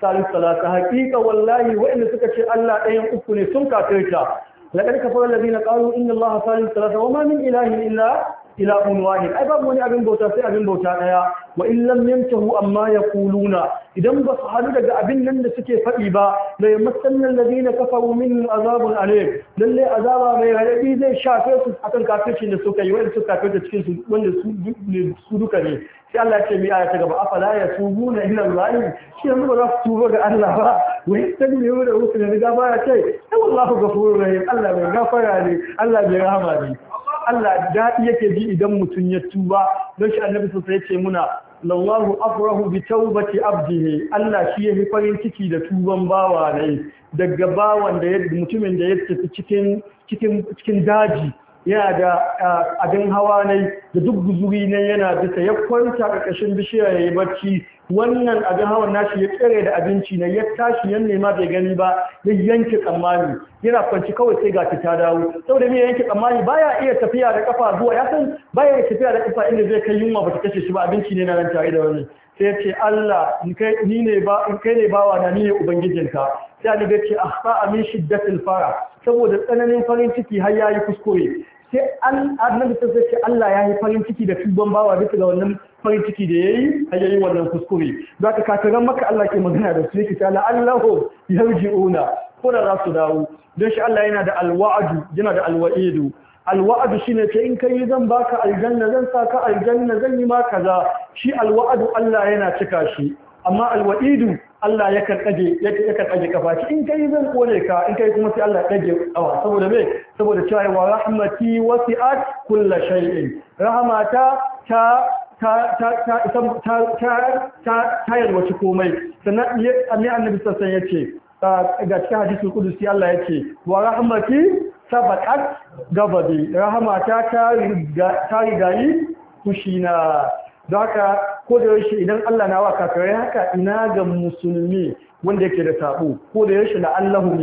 salis salata haƙiƙa wallahi waɗanda suka ce Allah ɗayan uku ne sun kafirta laƙar kafarar labi na ƙalu inna Allah Salisu salata wa ma min ilahin illa ila ne? ai babu wani abin bauta sai abin bauta daya wa in lam yantahu amma yaquluna idan ba su hadu daga abin nan da suke faɗi ba la yamassanna alladhina kafaru min azabun alim lalle azaba mai raɗaɗi zai shafe su akan kafircin da suka yi wanda suka kafirta cikin su wanda su duka ne sai Allah ce mi aya ta gaba afala yatubuna ila allahi shi yanzu ba za su tuba ga Allah ba ne yastaghfiru da rusul da gafara ce ai wallahu ghafurur rahim Allah mai gafara ne Allah mai rahama ne Allah daɗi yake ji idan mutum ya tuba don shi annabi sosai ya ce muna lallahu afrahu bi taubati abdihi Allah shi yafi farin ciki da tuban bawa ne daga bawan da mutumin da ya tafi cikin cikin cikin daji yana da abin hawa ne da duk guzuri ne yana bisa ya kwanta ƙarƙashin bishiya ya yi barci wannan abin hawan nashi ya tsere da abinci na ya tashi yan nema bai gani ba ya yanke tsammani yana kwanci kawai sai gashi ta dawo saboda me yanke tsammani baya iya tafiya da kafa zuwa ya san baya iya tafiya da kafa inda zai kai yunwa bata kashe shi ba abinci ne na nan tare da wani sai ce Allah ni ne ba in kai ne bawa na ni ne ubangijinka sai ni ga ce ahfa shi shiddatil fara saboda tsananin farin ciki har yayi kuskure sai an annabi ta ce Allah ya yi farin ciki da tuban bawa bisa ga wannan farin ciki da yayi a yayi wannan kuskure Za zaka kafiran maka Allah ke magana da su yake ta la Allahu yarji'una ko da za su dawo don shi Allah yana da alwa'adu yana da alwa'idu alwa'adu shine ce in kai zan baka aljanna zan sa ka aljanna zan yi ma kaza shi alwa'adu Allah yana cika shi amma alwa'idu Allah ya kan ɗage ya kafa in kai zan kone ka in kai kuma sai Allah ɗage awa saboda me saboda cewa rahmati wasi'at kullu shay'in rahmata ta ta ta yalwaci komai sannan ne annabi sassan ya ce ga cikin hadisul kudusi Allah ya ce wa rahmati sabaqat gababi ta ta rigayi kushina don haka ko da yaushe idan Allah na wa kafirai haka ina ga musulmi wanda yake da sabo ko da yaushe la Allahum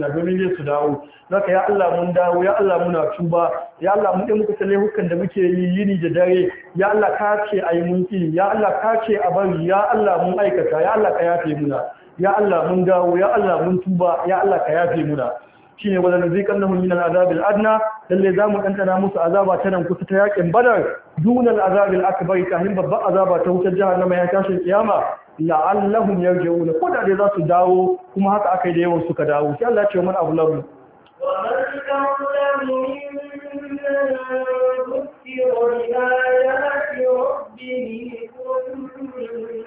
na domin zai su dawo zaka ya Allah mun dawo ya Allah muna tuba ya Allah mun dai muka tale hukan da muke yi yini da dare ya Allah ka ce ayi mun ki ya Allah ka ce a bari ya Allah mun aikata ya Allah ka yafe muna ya Allah mun dawo ya Allah mun tuba ya Allah ka yafe muna shine wala nuziqannahum min azabin adna lalle zamu ɗanɗana musu azaba ta nan kusa ta yakin badar azabin al'azab al'akbar kahin babban azaba ta wutar na mai tashin kiyama la'allahum yarji'un ko da dai za su dawo kuma haka yi da yawan suka dawo sai Allah ya ce mana abu lahu ثم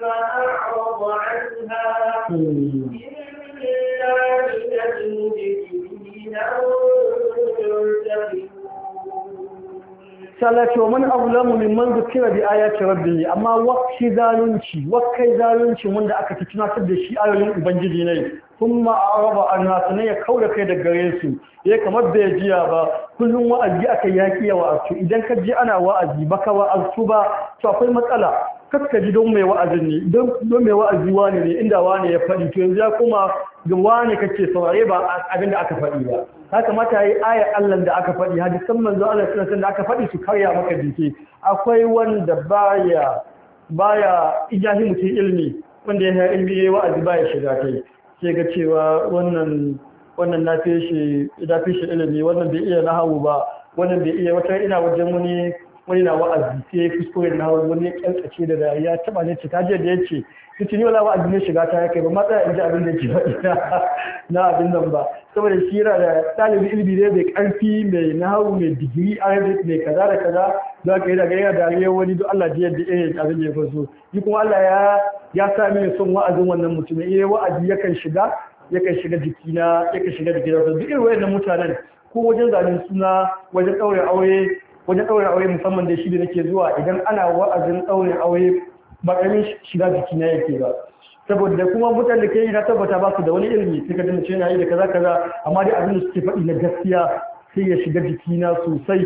أعرض عنها hmm. abu man azlamu mimman zukira bi ayati rabbi amma wakki zalunci wakkai zalunci wanda aka ci tunatar da shi ayoyin ubangiji ne kuma araba nasu ne ya kauda kai da gare su ya kamar da jiya ba kullum wa'azi aka yaƙi ya wa'azu idan ka ji ana wa'azi baka wa'azu ba to akwai matsala kakka ji don mai wa'azin ne don mai wa'azi wane ne inda wane ya faɗi to yanzu ya kuma ga wane kake saurare ba abin da aka faɗi ba ya kamata yi ayar Allah da aka faɗi hadisan manzo Allah san da aka faɗi su karya maka jiki akwai wanda baya baya ijahi mutum ilmi wanda ya ilmi yayi wa'azi baya shiga kai sai ga cewa wannan na fi shi ilimi wannan bai iya nahawu ba wannan bai iya wata ina wajen wani wani na wa'azi sai ya kuskure na wani ya kyankace da dariya taɓa ne cika je da ya ce ni wala wa'azi ne shiga ta ya kai ba ma tsaya in ji abin da ke faɗi na abin nan ba saboda shi yana da ɗalibi ilimi ne mai ƙarfi mai nahawu mai digiri arabic mai kaza da kaza za ka yi daga yana dariya wani duk Allah jiya da irin abin da ya faso ni kuma Allah ya ya sa mini son wa'azin wannan mutumin eh wa'azi yakan shiga yakan shiga jikina yakan shiga jikina duk irin wayannan mutanen ko wajen zanen suna wajen ɗaure aure wajen ɗaurin aure musamman da shi da nake zuwa idan ana wa'azin ɗaurin aure ba ƙaramin shiga jiki na yake ba saboda kuma mutane da ke na tabbata ba su da wani ilimi sai ka dinga yana yi da kaza kaza amma dai abin da suke faɗi na gaskiya sai ya shiga jiki na sosai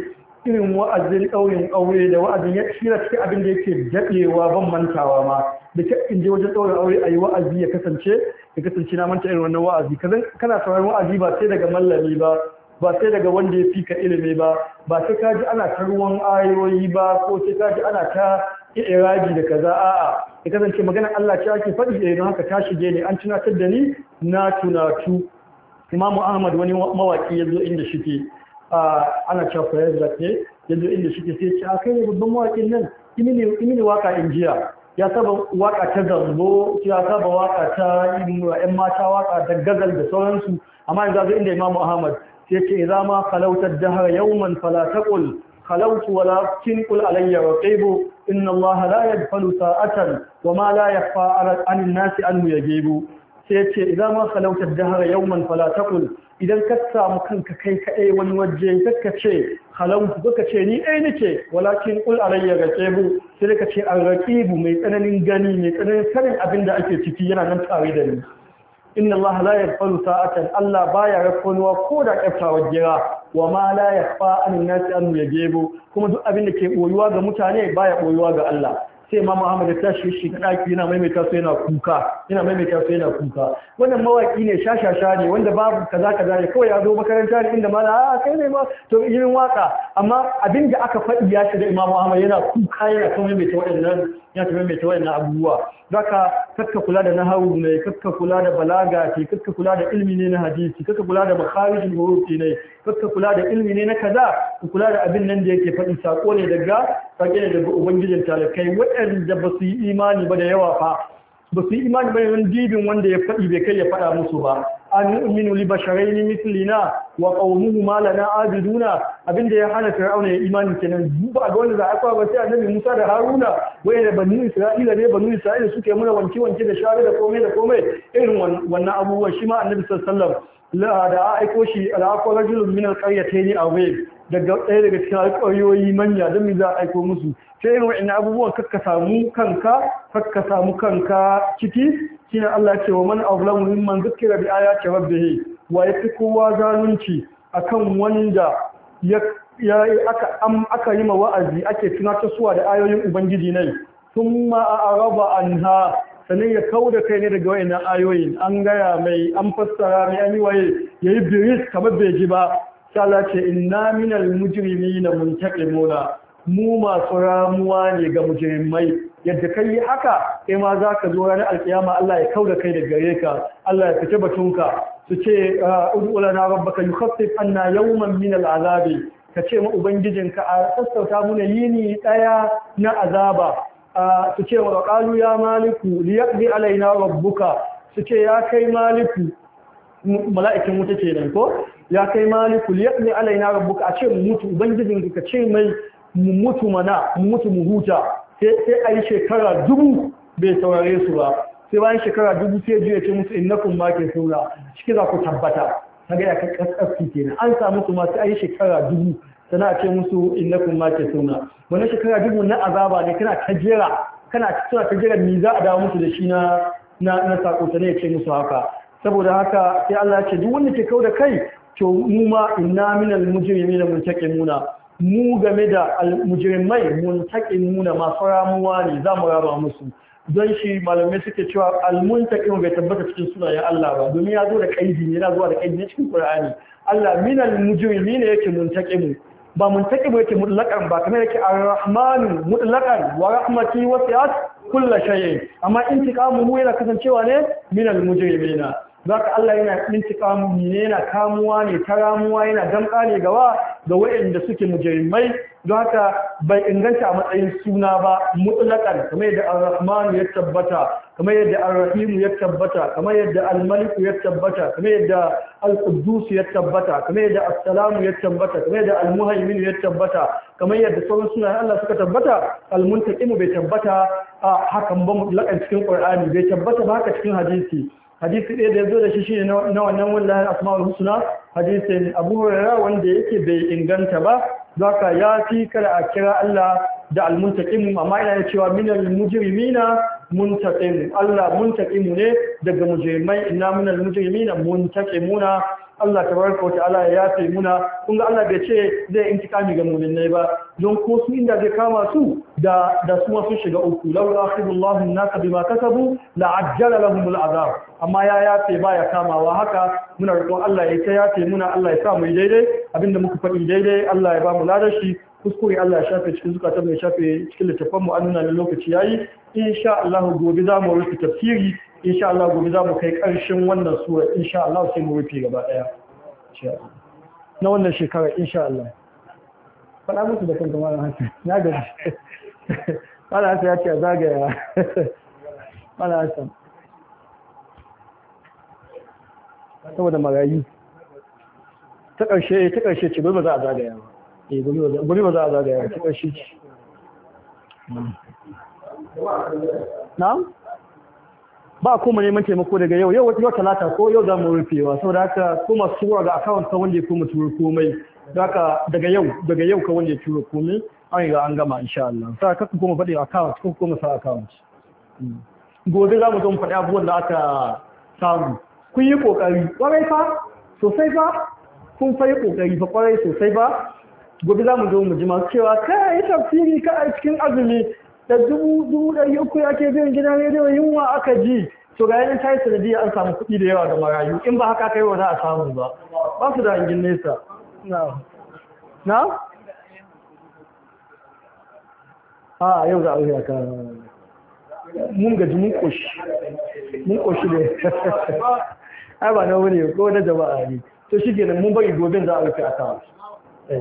irin wa'azin ɗaurin aure da wa'azin ya na cikin abin da yake daɗewa ban mantawa ma da in je wajen ɗaurin aure a yi wa'azi ya kasance ya kasance na manta irin wannan wa'azi kana sauran wa'azi ba sai daga mallami ba ba sai daga wanda ya fika ilimi ba ba sai ka ji ana ta ruwan ayoyi ba ko sai ka ji ana ta iraji da kaza a'a ya kasance magana Allah ce ake faɗi eh, da yanzu haka ta shige ni an tunatar da ni na tunatu Imam Ahmad wani mawaki ya zo inda shike ana cewa fayar da ke ya zo inda shike sai ce a kai ne babban mawakin nan imini waka injiya ya saba waka ta zambo ya saba waka ta yan mata waka da gazal da sauransu amma yanzu inda Imam Ahmad sai ce idza ma khalawta ad-dahra yawman fala taqul khalawtu walakin qul alayya raqibu inna Allah la yadfalu sa'atan wa ma la yakhfa 'ala an-nasi an sai ce idan ma halautar dahara yawman falatakul idan ka samu kanka kai kaɗai wani waje ka ce halautu ka ce ni ɗaya nake walakin ƙul alayya raƙebu sai ka ce an raƙebu mai tsananin gani mai tsananin sanin abin da ake ciki yana nan tare da ni inna Allah la yaghfalu sa'atan Allah baya rakonuwa ko da kaftawar gira wa ma la yaghfa an nasi an yajebu kuma duk abin da ke boyuwa ga mutane baya boyuwa ga Allah sai ma Muhammad ya tashi shi na yana maimaita su yana kuka yana yana kuka wannan mawaki ne shashasha ne wanda babu kaza kaza ne kawai ya zo makaranta ne inda mala a ah, kai ne ma to irin waka amma abin da aka faɗi ya shiga Imam Muhammad yana kuka yana waɗannan ya ta maimaita waɗannan abubuwa zaka kakka kula da nahawu ne kakka kula da balaga ce kakka kula da ilmi ne na hadisi kakka kula da makharijul huruf ne kakka kula da ilmi ne na kaza ku kula da abin nan da yake faɗi sako ne daga sake ne daga ubangijin talakai waɗanda ba su yi imani ba da yawa fa ba su yi imani ba yawan dibin wanda ya faɗi bai kai ya faɗa musu ba an yu'minu li basharaini na wa qaumuhu ma lana abiduna abinda ya hana fir'auna ya imani kenan duba ga wanda za a kwa ba sai annabi Musa da Haruna wayanda banu Isra'ila ne banu Isra'ila suke muna wanke wanke da share da komai da komai irin wannan abubuwan shi ma annabi sallallahu da a aiko shi alaƙo rajulun min alƙaryata ne a wayar daga ɗaya daga cikin alƙaryoyi manya don za a aiko musu sai irin wa'in abubuwan kakka samu kanka kakka samu kanka ciki shine Allah ce wa man azlamu mimman zukira ce ayati he wa fi kowa zalunci akan wanda ya aka aka yi ma wa'azi ake tunatar suwa da ayoyin ubangiji ne a araba anha sannan ya kawo da kai ne daga wayannan ayoyin an gaya mai an fassara mai an yi waye yi biris kamar bai ji ba Sala Allah ce inna minal mujrimina mona mu masu ramuwa ne ga mujrimai yadda kai yi haka kai ma za ka zo ranar alƙiyama. Allah ya kawo da kai da gare ka Allah ya fice batunka su ce ah, ud'ulana rabbaka yukhaffif anna yawman min al'azabi ka ce ma ubangijinka a sassauta muna yini ɗaya na azaba su ce wa ƙalu ya maliku liyaqdi alaina rabbuka su ce ya kai maliku mala'ikin wuta kenan ko ya kai maliku liyaqdi alaina rabbuka a ce mutu ubangijin ka ce mai mu mutu mana mu mutu mu huta sai a yi shekara dubu bai saurare su ba sai bayan shekara dubu sai juya ce musu in ma ke saura ciki za ku tabbata kaga ya kaskasci kenan an samu su ma sai a yi shekara dubu sana ce musu innakum ma tasuna wannan shekara dubu na azaba ne kana ta kana suna ta jira ni za a dawo musu da shi na na na sako ta ne ce musu haka saboda haka sai Allah ya ce duk wanda ke da kai to mu ma inna minal mujrimina muntaqimuna mu game da almujrimai muntaqimuna ma faramuwa ne za mu raba musu don shi malamai suke cewa almuntaqimu bai tabbata cikin sunayen Allah ba domin ya zo da kaidi ne yana zuwa da kaidi cikin Qur'ani Allah minal mujrimina yake mun mu. ba muntakibu yake mutlaqan ba kamar yake ar-rahmanu mutlaqan wa rahmati wasi'at kullu shay'in amma intiqamu yana kasancewa ne minal mujrimina zaka Allah yana bincika mu yana kamuwa ne ta ramuwa yana damƙa ne gaba, ga waɗanda suke mujrimai don haka bai inganta a matsayin suna ba mutlaqan kamar yadda ar-rahman ya tabbata kamar yadda ar-rahim ya tabbata kamar yadda al-malik ya tabbata kamar yadda al-quddus ya tabbata kamar yadda as-salam ya tabbata kamar yadda al-muhaymin ya tabbata kamar yadda sauran sunayen Allah suka tabbata al-muntaqim bai tabbata a hakan ba mutlaqan cikin qur'ani bai tabbata ba haka cikin hadisi hadisi ɗaya da ya zo da shi shi na wannan wallahi asma'ul husna hadisin abu hurara wanda yake bai inganta ba zaka ya fi kada a kira Allah da almuntaqim amma ina cewa minal mujrimina muntaqim Allah muntaqim ne daga mujrimai inna minal mujrimina muntaqimuna Allah ta tabaraka ala ya yafe muna kun ga Allah bai ce zai intikami ga mu'minai ba don ko su inda zai kama su da da su sun shiga uku law akhidullahu an-nasa bima kasabu la ajjala lahum al amma ya yafe ba baya kamawa haka muna roƙon Allah ya ta yafe muna Allah ya sa mu daidai abinda muka faɗi daidai Allah ya ba mu ladashi kuskure Allah ya shafe cikin zukata mai shafe cikin littafin mu an nuna lokaci yayi insha Allah gobe za mu rufe tafsiri insha Allah gobe za mu kai ƙarshen wannan sura insha Allah sai mu rufe gaba ɗaya na wannan shekara insha Allah fara musu da kanka malam Hassan na gaji malam Hassan ya ce a zagaya malam Hassan saboda marayu ta ƙarshe ta ƙarshe ce gobe ba za a zagaya ba eh gobe ba za a zagaya ba ta ƙarshe ce na'am ba kuma neman taimako daga yau yau wata talata ko yau za mu rufewa saboda haka ko masu tura ga akawun ka wanda ya kuma turo komai daga yau daga yau ka wanda ya turo komai an riga an gama insha Allah sa ka kuma faɗi akawun ko kuma sa akawun hmm. gobe za mu zo mu faɗi abubuwan da aka samu kun yi kokari kwarai fa sosai fa kun fa yi kokari fa kwarai sosai fa gobe za mu zo mu ji masu cewa kai tafsiri ka a cikin azumi da dubu dubu ɗari uku ya ke biyan gidan rediyo yunwa aka ji to ga yanin tayi sanadiyya an samu kuɗi da yawa ga marayu in ba haka kai wa za a samu ba ba su da hangin nesa na na a yau za a wuya ka mun gaji mun ƙoshi mun ƙoshi ne ai ba na wani ko na jama'a ne to shi kenan mun bari gobe za a rufe a kawo. Eh.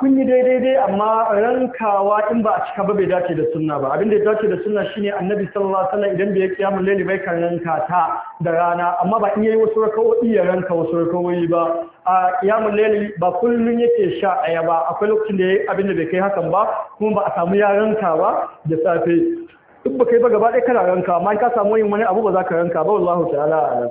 kun yi daidai amma rankawa in ba a cika ba bai dace da sunna ba abinda ya dace da sunna ne annabi sallallahu alaihi wasallam idan bai kiyamun laili bai kan ranka ta da rana amma ba in yayi wasu rakawoyi ya ranka wasu rakawoyi ba a kiyamun laili ba kullun yake sha aya ba akwai lokacin da yayi abinda bai kai hakan ba kuma ba a samu ya ranka ba da safe duk ba kai ba gaba ɗaya kana ranka amma ka samu yin wani abu ba za ka ranka ba wallahu ta'ala a'lam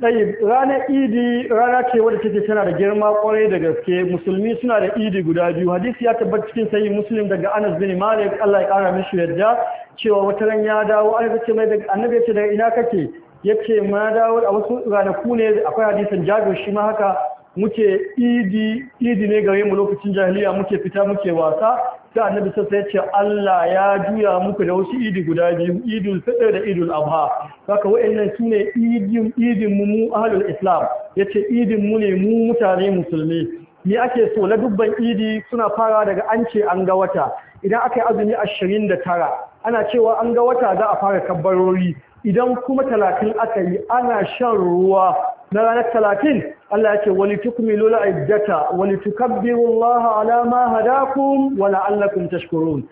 tsayi ranar idi rana ce wadda take tana da girma kwarai da gaske musulmi suna da idi guda biyu hadisi ya tabbata cikin sayi muslim daga anas bin malik allah ya kara mishi yadda cewa wata ran ya dawo an ce mai daga annabi ce daga ina kake yace ma dawo a wasu ranaku ne akwai hadisin jabi shi ma haka muke idi idi ne gare mu lokacin jahiliya muke fita muke wasa da annabi sassa ya ce Allah ya juya muku da wasu idi guda biyu idul fitr da idul abha kaka wayannan sune idin idin mu mu ahlul islam yace idin mu ne mu mutane musulmi ni ake so la dubban idi suna fara daga an ce an ga wata idan aka yi azumi 29 ana cewa an ga wata za a fara kabbarori idan kuma talatin aka yi ana shan ruwa na ranar talatin Allah ya ce wani tukmilu la'iddata wali tukabbiru Allah ala ma hadakum wa la'allakum tashkurun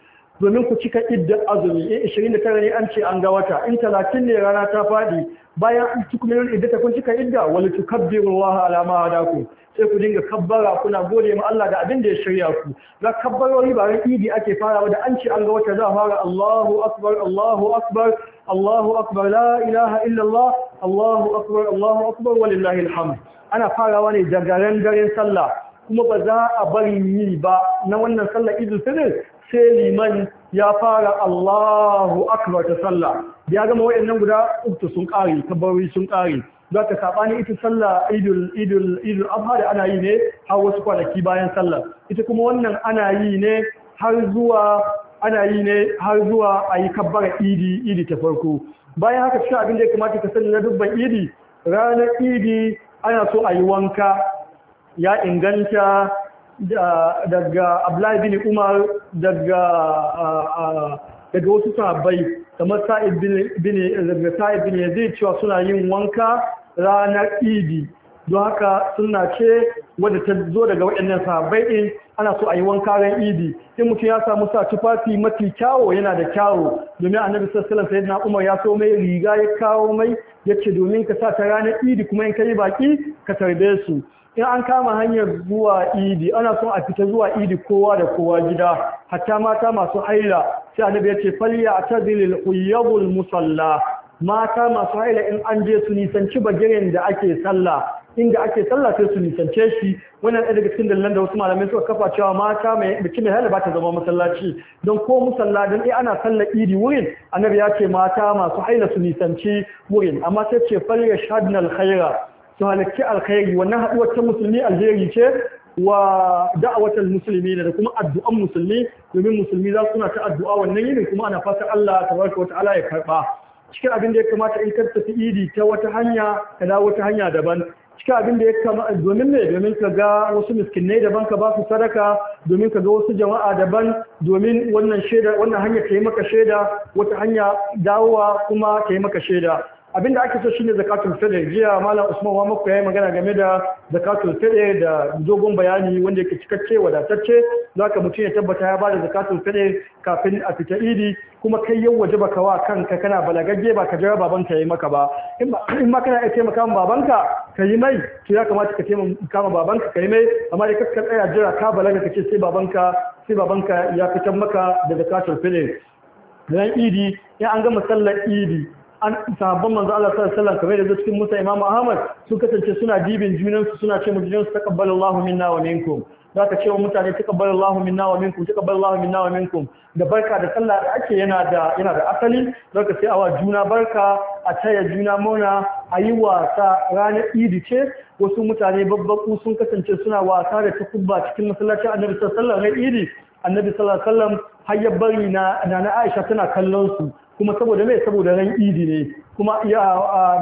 domin ku cika idda azumi eh, in 29 ne an ce an ga wata in talatin ne rana ta faɗi. bayan tukmilu iddata kun cika idda Wani tukabbiru Allah ala ma hadakum sai ku dinga kabbara kuna gode ma Allah da abin da ya shirya ku ga kabbarori ba ran idi ake farawa da an ce an ga wata za a fara Allahu akbar Allahu akbar Allahu akbar la ilaha illallah Allahu akbar Allahu akbar walillahi alhamd ana farawa ne dagaren ran daren sallah kuma ba za a bari yi ba na wannan sallah idul fitr sai liman ya fara Allahu akbar ta sallah ya gama wayannan guda uku sun kare kabari sun kare za ka saɓani ita sallah idul idul idul adha da ana yi ne har wasu kwanaki bayan sallah ita kuma wannan ana yi ne har zuwa ana yi ne har zuwa a yi kabbara idi idi ta farko bayan haka cikin abin da ya kamata ka sani na dubban idi ranar idi ana so a yi wanka ya inganta daga abdullahi bin umar daga daga wasu sahabbai kamar sa'id bin yazid cewa suna yin wanka ranar idi don haka suna ce wadda ta zo daga waɗannan sahabbai ɗin ana so a yi wanka ran idi in mutum ya samu sa tufafi mafi kyawo yana da kyawo domin annabi sallallahu sai na umar ya so mai riga ya kawo mai Ya ce domin ka sa ta ranar idi kuma in kai baki ka tarbe su in an kama hanyar zuwa idi ana so a fita zuwa idi kowa da kowa gida hatta mata masu haila sai annabi ya ce falya atazilil quyabul musalla mata masu haila in an je su nisanci bagiren da ake sallah inda ake sallah sai su nisance shi wannan ɗaya daga cikin dalilan da wasu malamai suka kafa cewa mata mai biki mai ba ta zama masallaci don ko musalla don eh ana sallar idi wurin annabi ya ce mata masu haila su nisanci wurin amma sai ce falya shadna alkhaira su halakki alkhairi wannan haɗuwar ta musulmi aljeri ce wa da'awatar musulmi da kuma addu'an musulmi domin musulmi za su na ta addu'a wannan yinin kuma ana fatan Allah tabaraka wa ta'ala ya karɓa. cikin abin da ya kamata in karta tafi idi ta wata hanya ta dawo wata hanya daban cikin abin da ya kama domin ne domin ka ga wasu miskinai daban ka ba su sadaka domin ka ga wasu jama'a daban domin wannan shaida wannan hanya ta yi maka shaida wata hanya dawowa kuma ta yi maka shaida abinda ake so shine zakatul fitr jiya malam Usman wa muku yayi magana game da zakatul fitr da dogon bayani wanda yake cikakke wadatacce zaka mutum ya tabbata ya bada zakatul fitr kafin a fita idi kuma kai yau waje ka wa kanka kana balagagge ba ka jira babanka yayi maka ba in ma kana iya taimaka ma babanka ka yi mai to ya kamata ka taimaka ma babanka ka yi mai amma dai kakka tsaya jira ka balaga kace sai babanka sai babanka ya fitar maka da zakatul fitr ran idi in an gama sallar idi an sahabban manzo Allah sallallahu alaihi wasallam kamar da cikin Musa Imam Ahmad su kasance suna dibin junan su suna ce mu junan su takabbalallahu minna wa minkum za ka ce wa mutane takabbalallahu minna wa minkum takabbalallahu minna wa minkum da barka da sallah da ake yana da yana da asali za sai awa juna barka a taya juna mauna a yi wasa ranar idi ce wasu mutane babbaku sun kasance suna wasa da takubba cikin masallacin annabi sallallahu alaihi wasallam idi annabi sallallahu alaihi wasallam har bari na na Aisha tana kallon su kuma saboda mai saboda ran idi ne kuma ya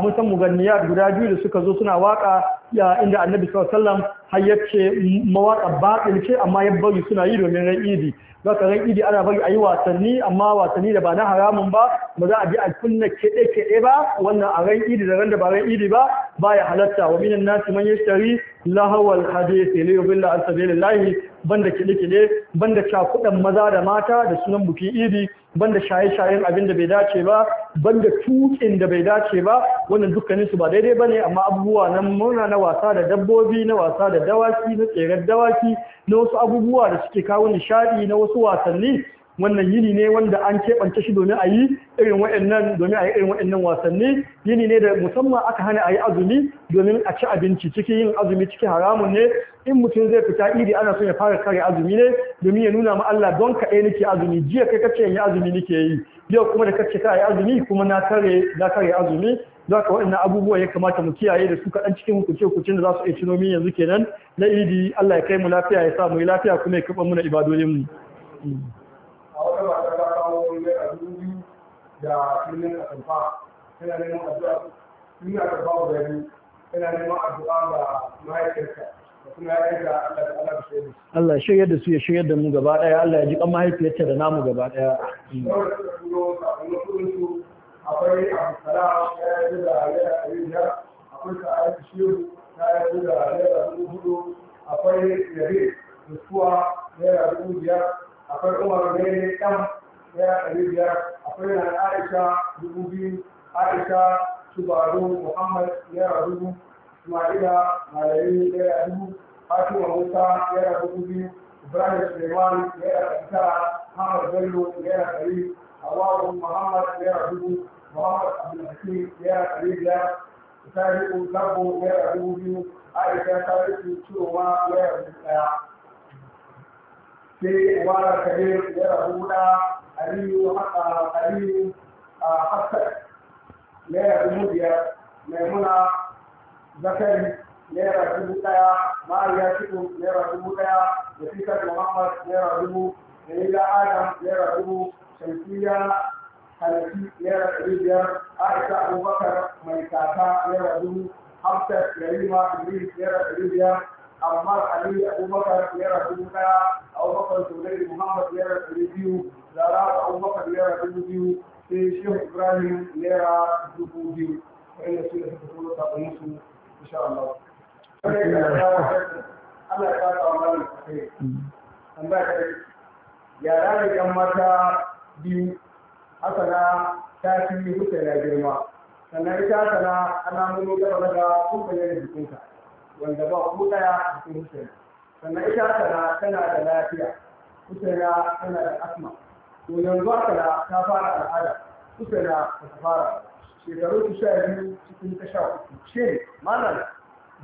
mun san muganniyar guda biyu da suka zo suna waka ya inda annabi sallallahu alaihi wasallam har yace mawaka ce amma ya bari suna yi domin ran idi zaka ran idi ana bari ayi wasanni amma wasanni da ba na haramun ba ba za a bi a kunna kede kede ba wannan a ran idi da ran da ba ran idi ba baya halatta wa minan nasi man yashtari lahawal hadith li yubilla an sabilillahi banda kide-kide banda cakudan maza da mata da sunan buki iri banda shaye-shayen abin da bai dace ba banda tukin da bai dace ba wannan dukkanin su ba daidai bane amma abubuwa na muna na wasa da dabbobi na wasa da dawaki na tseren dawaki na wasu abubuwa da suke kawo nishadi na wasu wasanni wannan yini ne wanda an keɓance shi domin a yi irin wa'annan domin a yi irin wa'annan wasanni yini ne da musamman aka hana a yi azumi domin a ci abinci ciki yin azumi ciki haramun ne in mutum zai fita idi ana son ya fara kare azumi ne domin ya nuna ma Allah don kaɗai nake azumi jiya kai kace yin azumi nake yi yau kuma da kace ka yi azumi kuma na kare na kare azumi za ka waɗannan abubuwa ya kamata mu kiyaye da su kaɗan cikin hukunce hukuncin da za su iya cino min yanzu kenan na idi Allah ya kai mu lafiya ya sa mu yi lafiya kuma ya kaɓa muna ibadodinmu. mu. da filin atamfa kana neman addu'a filin atamfa guda biyu kana neman addu'a ga mahaifiyarka Allah ya shirya da su ya shirya da mu gaba Allah ya ji kan mahaifiyarta da namu gaba ɗaya. akwai abokana ya yi da naira akwai da akwai yare mutuwa naira biyar akwai umar ɗan naira ɗari biyar akwai na aisha dubu biyu aisha tubaru muhammad naira dubu ismaila malami naira dubu fatima musa naira dubu biyu ibrahim suleiman naira ɗari tara Muhammad bello naira ɗari hawaru muhammad naira dubu muhammad abdulhakim naira ɗari biyar sari'u labo naira dubu biyu aisha sari'u ciroma naira dubu ɗaya sai wara kare naira dubu ɗaya aliyu aliyu hassan naira dubu biyar maimuna zakari naira dubu ɗaya mariya shiku naira dubu ɗaya da muhammad naira dubu da adam naira dubu shamsiya halittu naira dubu biyar aisha abubakar mai kaka naira dubu hamsat yarima idris naira dubu biyar amma ali abubakar naira dubu daya abubakar zubairu muhammad naira dubu biyu zara abubakar naira dubu biyu sai shehu ibrahim naira dubu biyu wanda su da suka tura sabonin su insha Allah. Allah ya kasa wa malam kai. Tambaya ta yara da yan mata biyu hasana ta fi hutsa ya girma sannan ita hasana ana mulo gaba daga kumfani da jikinka wanda ba ku daya cikin Husaina sannan ita tana tana da lafiya Husaina tana da asma to yanzu haka ta fara al'ada Husaina ta fara shekaru su sha biyu cikin ta sha uku ce malam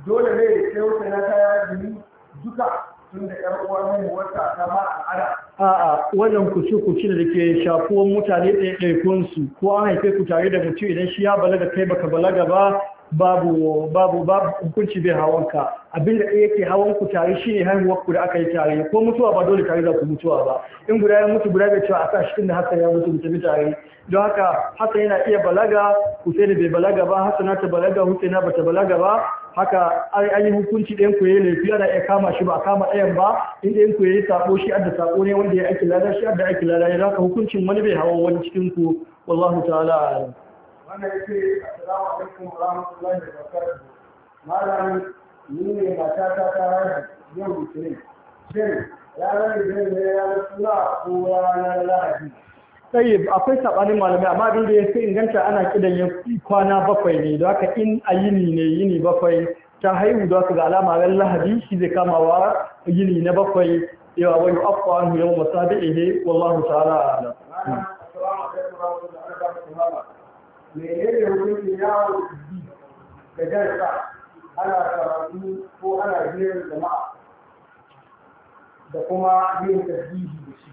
dole ne sai Husaina ta yi jini duka tun da ƴar uwar mu wata ta ma al'ada a'a wannan kuci-kuci da ke shafuwan mutane ɗaiɗaikun su ko an haife ku tare da mutum idan shi ya balaga kai baka balaga ba babu babu babu hukunci bai hawanka abinda ɗaya yake hawan ku tare shine hanyar ku da aka yi tare ko mutuwa ba dole tare za ku mutuwa ba in guda ya mutu guda bai cewa a sa shi da Hassan ya mutu mutu tare don haka Hassan yana iya balaga da bai balaga ba na ta balaga na bata balaga ba haka an yi hukunci ɗayan ku yayi laifi ana iya kama shi ba a kama ɗayan ba in ɗayan ku yayi sako shi adda sako ne wanda ya aiki lada shi adda aiki lada ya haka hukuncin wani bai hawa wani cikin ku wallahu ta'ala a'lam wannan ya ce alaikum wa rahmatullahi wa ni ne ta ta yau shin ranar ne suna ko ranar lahadi akwai saɓanin malamai amma abin da ya fi inganta ana kidan ya kwana bakwai ne da haka in a yini ne yini bakwai ta haihu da haka ga alama ran lahadi shi zai kama wa yini na bakwai yawa wani afuwa yau masabi'ihe wallahu ta'ala a'lam menene hukuncin yawon yi da jansa ana karatu ko ana biyar jama'a da kuma yin tasbihi da shi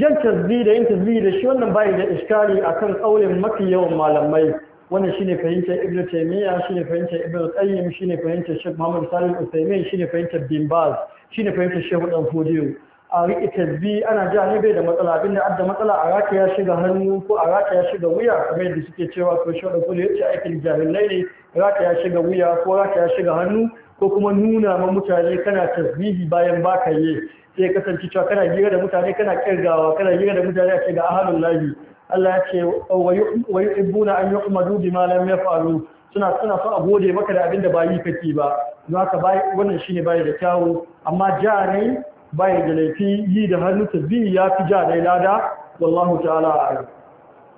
jan tasbihi da yin tasbihi da shi wannan bayan da iskari a kan tsaunin mafi yawan malamai wannan ne fahimtar taimiyya shi ne fahimtar ibnu qayyim ne fahimtar shek muhammad salim al shi ne fahimtar bin baz ne fahimtar shek dan fodiyo a riƙe tasbi ana ji ni bai da matsala abinda adda matsala a raka ya shiga hannu ko a raka ya shiga wuya kamar yadda suke cewa ko shi da kullu yace aikin jahilai ne raka ya shiga wuya ko raka ya shiga hannu ko kuma nuna ma mutane kana tasbihi bayan baka yi sai kasance cewa kana gira da mutane kana kirgawa kana gira da mutane a ce ga ahlul lahi Allah ya ce wa yuhibbuna an yuhmadu bima lam yaf'alu suna suna so a gode maka da abinda ba yi kake ba don haka wannan shine bai da kyawu amma ja bayan da laifi yi da hannu biyu ya fi ja da lada wallahu ta'ala a'lam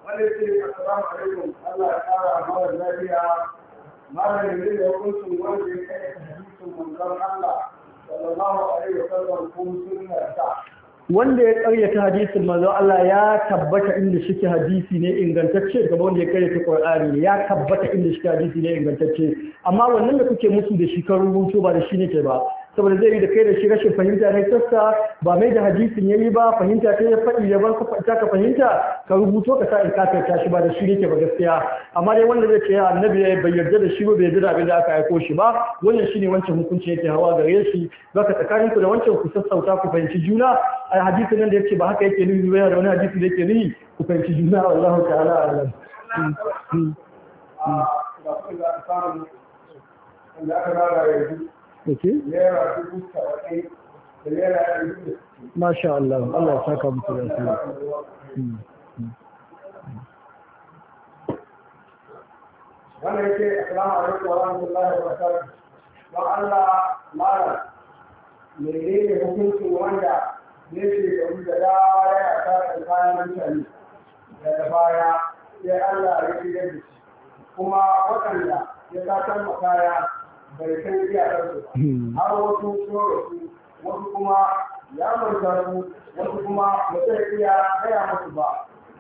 wanda yake assalamu alaikum Allah ya kara mara lafiya malamin da hukuncin wanda ya kai hadisin manzon Allah sallallahu alaihi wasallam kun sunna ta wanda ya karyata hadisin manzon Allah ya tabbata inda shike hadisi ne ingantacce kamar wanda ya karyata Qur'ani ya tabbata inda shike hadisi ne ingantacce amma wannan da kuke musu da shi kan rubutu ba da shi ne ke ba saboda zai yi da kai da shi rashin fahimta na sassa ba mai da hadisin ya yi ba fahimta ta ya faɗi ya bar ka ka fahimta ka rubuto ka sa in ka shi ba da shi yake ba gaskiya amma dai wanda zai ce annabi ya bai yarda da shi ba bai yarda da da aka aiko shi ba wannan shine wancan hukunci yake hawa gare shi zaka tsakanin ku da wancan ku sassauta ku fahimci juna a hadisin nan da yake ba haka yake ni zuwa da wani hadisi da yake ni ku fahimci juna wallahi ta'ala alam hmm, hmm, hmm. Ah, da aka rara yanzu Dake? Naira dubu saba'in da naira dubu Masha Allah, Allah ya saka muku da su. Hmm, hmm. Wannan yake, Assalamu alaikum wa rahmatullahi wa barakatuh. Don Allah, Malam, ne hukuncin wanda ne ke gari da dama ya kasa kayan mutane da baya sai Allah ya fi yadda kuma waɗanda ya kasar makaya bai kai iyakarsu har wasu sun rasu wasu kuma ya manta su wasu kuma ba zai iya gaya musu ba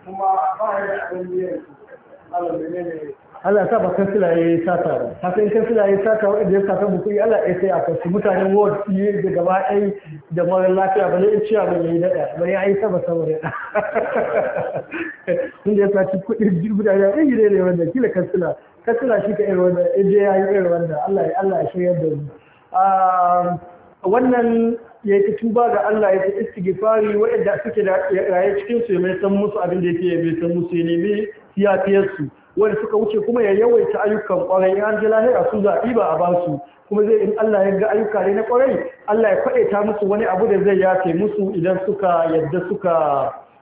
kuma ba ya da abin biyan su Allah ya sa ba kansila ya sata ba. Hakan kansila ya yi sata wa idan sata mutum ya Allah ya sai a kansu mutanen ward yi da gaba ɗaya da mara lafiya ba zai ciya ba yi daɗa ba ya yi saba saboda ɗa. da ya kuɗi kuɗin mutane ya yi ne ne wanda kila kansila ka tuna shi ka irin wanda je ya yi irin wanda Allah ya Allah ya shirya da mu ah, wannan ya ta tuba ga Allah ya ta istighfari waɗanda suke da raye cikin su mai san musu abin da yake mai san musu ne mai fiyafiyar su suka wuce kuma ya yawaita ayyukan kwarai an ji lahira su zaɓi ba a ba su kuma zai in Allah ya ga ayyuka ne na kwarai Allah ya ta musu wani abu da zai yafe musu idan suka yadda suka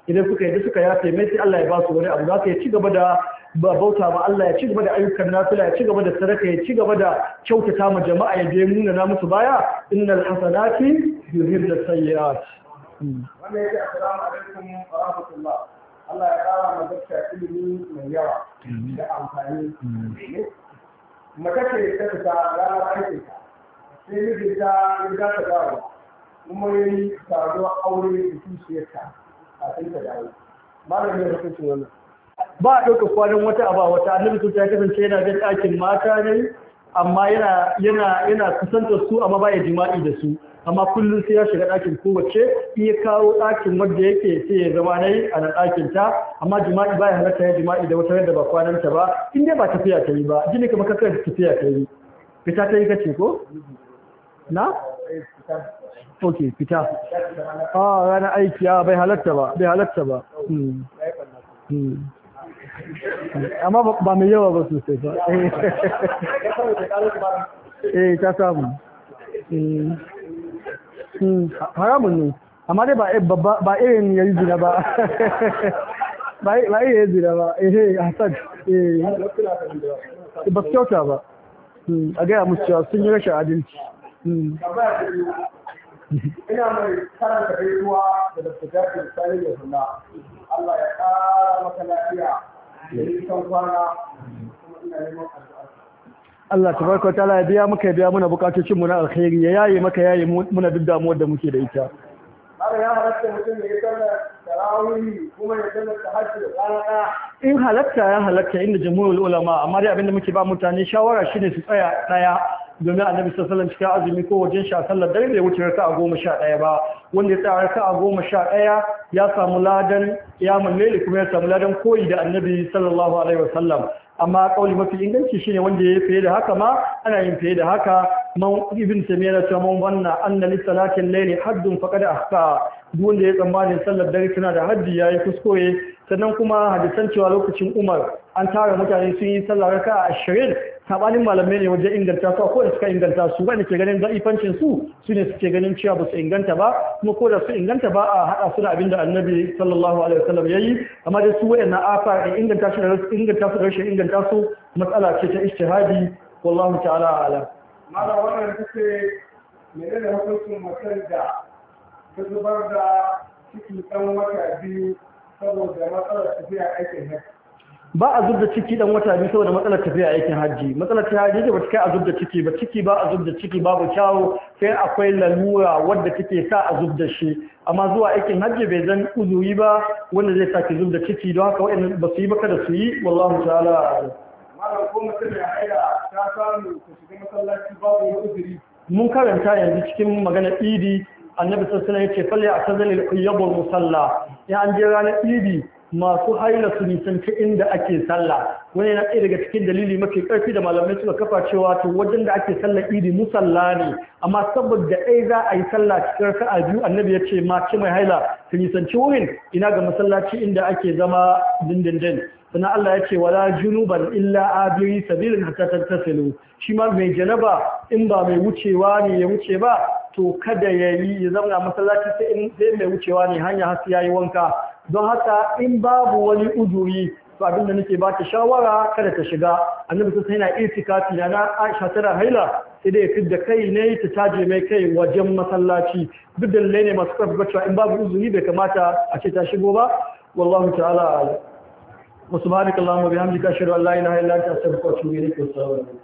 idan suka yafe mai sai Allah ya ba su wani abu za yi ci gaba da ba bauta ba Allah ya ci gaba da ayyukan nafila ya ci gaba da sadaka ya ci gaba da kyautata ma jama'a ya je nuna na musu baya innal hasanati yuzhibna sayyi'at wannan yake assalamu alaikum wa rahmatullah Allah ya kara ma dakta ilimi mai yawa da amfani mace ce ta ta ranar ta ta sai mijin ta ga ta ga kuma yayi saduwa aure da kishiyarta kafin ta dawo malamin hukuncin wannan ba a ɗauka kwanan wata a ba wata annabi sun ya kasance yana ga ɗakin mata ne amma yana yana yana kusantar su amma ba ya jima'i da su amma kullum sai ya shiga ɗakin kowace iya kawo ɗakin wanda yake sai ya zama nai a nan ɗakin ta amma jima'i ba ya halatta ya jima'i da wata yadda ba kwananta ba in dai ba tafiya ta yi ba jini kamar kakar tafiya ta yi fita ta yi kace ko na ok fita a ah, ranar aiki ah, bai halatta ba bai halatta ba hmm. Hmm. amma ba mai yawa ba sosai ba eh, eh ta samu eh, hmm, haramun ne amma dai ba eh, irin yayi zina ba ba irin yayi zina ba eh hasad eh ba kyauta ba hmm, a gaya musu cewa sun yi Allah tabaraka ta'ala ya biya muka biya muna bukatocin mu na alkhairi ya yaye maka yayi muna duk damuwar da muke da ita Allah ya halatta mutum ya tarawih kuma ya sallar tahajjud rana in halatta ya halatta inda jumu'ul ulama amma dai abinda muke ba mutane shawara shine su tsaya daya domin annabi sallallahu cikin azumi ko wajen sha sallar dare bai wuce a goma sha ɗaya ba wanda ya tsaya a goma sha ɗaya ya samu ladan ya mallele kuma ya samu ladan koyi da annabi sallallahu alaihi wasallam amma kauli mafi inganci shine wanda ya fiye da haka ma ana yin fiye da haka man ibn samira ta man wanna anna li salatin layli haddun faqad ahsa duk wanda ya tsammanin sallar dare tana da haddi yayi kuskure sannan kuma hadisan cewa lokacin Umar an tara mutane sun yi sallar raka'a 20 sabanin malamai ne wajen inganta su ko da suka inganta su wani ke ganin za'ifancin su su ne suke ganin cewa ba su inganta ba kuma ko da su inganta ba a haɗa su da abin da annabi sallallahu alaihi wasallam yi amma dai su na afa da inganta da inganta su da rashin inganta su matsala ce ta ijtihadi wallahu ta'ala ala mala wannan take menene hukuncin mutum da ta zubar da cikin ɗan wata biyu saboda matsalar tafiya aikin haka ba a zubda ciki dan wata biyu saboda matsalar tafiya aikin hajji matsalar ta hajji ba kai a zubda ciki ba ciki ba a zubda ciki babu kyawu sai akwai lalura wadda take sa a zubda shi amma zuwa aikin hajji bai zan uzuri ba wanda zai saki zubda ciki don haka wa'annan ba su yi maka da su yi wallahu ta'ala malam ko mutum ya haila ta samu ta shiga masallaci babu uzuri mun karanta yanzu cikin magana idi annabi sallallahu alaihi wasallam yace falle a tazalil qayyabul musalla ya an je ranar idi masu haila su ta inda ake sallah wani yana ɗaya daga cikin dalili mafi ƙarfi da malamai suka kafa cewa to wajen da ake sallah idi musalla ne amma saboda ɗaya za a yi sallah cikin a biyu annabi ya ce mace mai haila su nisanci wurin ina ga masallaci inda ake zama dindindin sannan Allah ya ce wala junuban illa abiri sabirin hatta tattasilu shi ma mai janaba in ba mai wucewa ne ya wuce ba to kada ya yi ya zama masallaci sai mai wucewa ne hanya hasi ya yi wanka don haka in babu wani uzuri to abinda nake ba ta shawara kada ta shiga annabi sun yana itikafi na na Aisha tana haila sai dai fidda kai ne ta taje mai kai wajen masallaci duk da dalilai ne masu karfafa in babu uzuri bai kamata a ce ta shigo ba wallahu ta'ala wa subhanakallahumma bihamdika ashhadu an la ilaha illa anta astaghfiruka wa atubu wa assalamu alaikum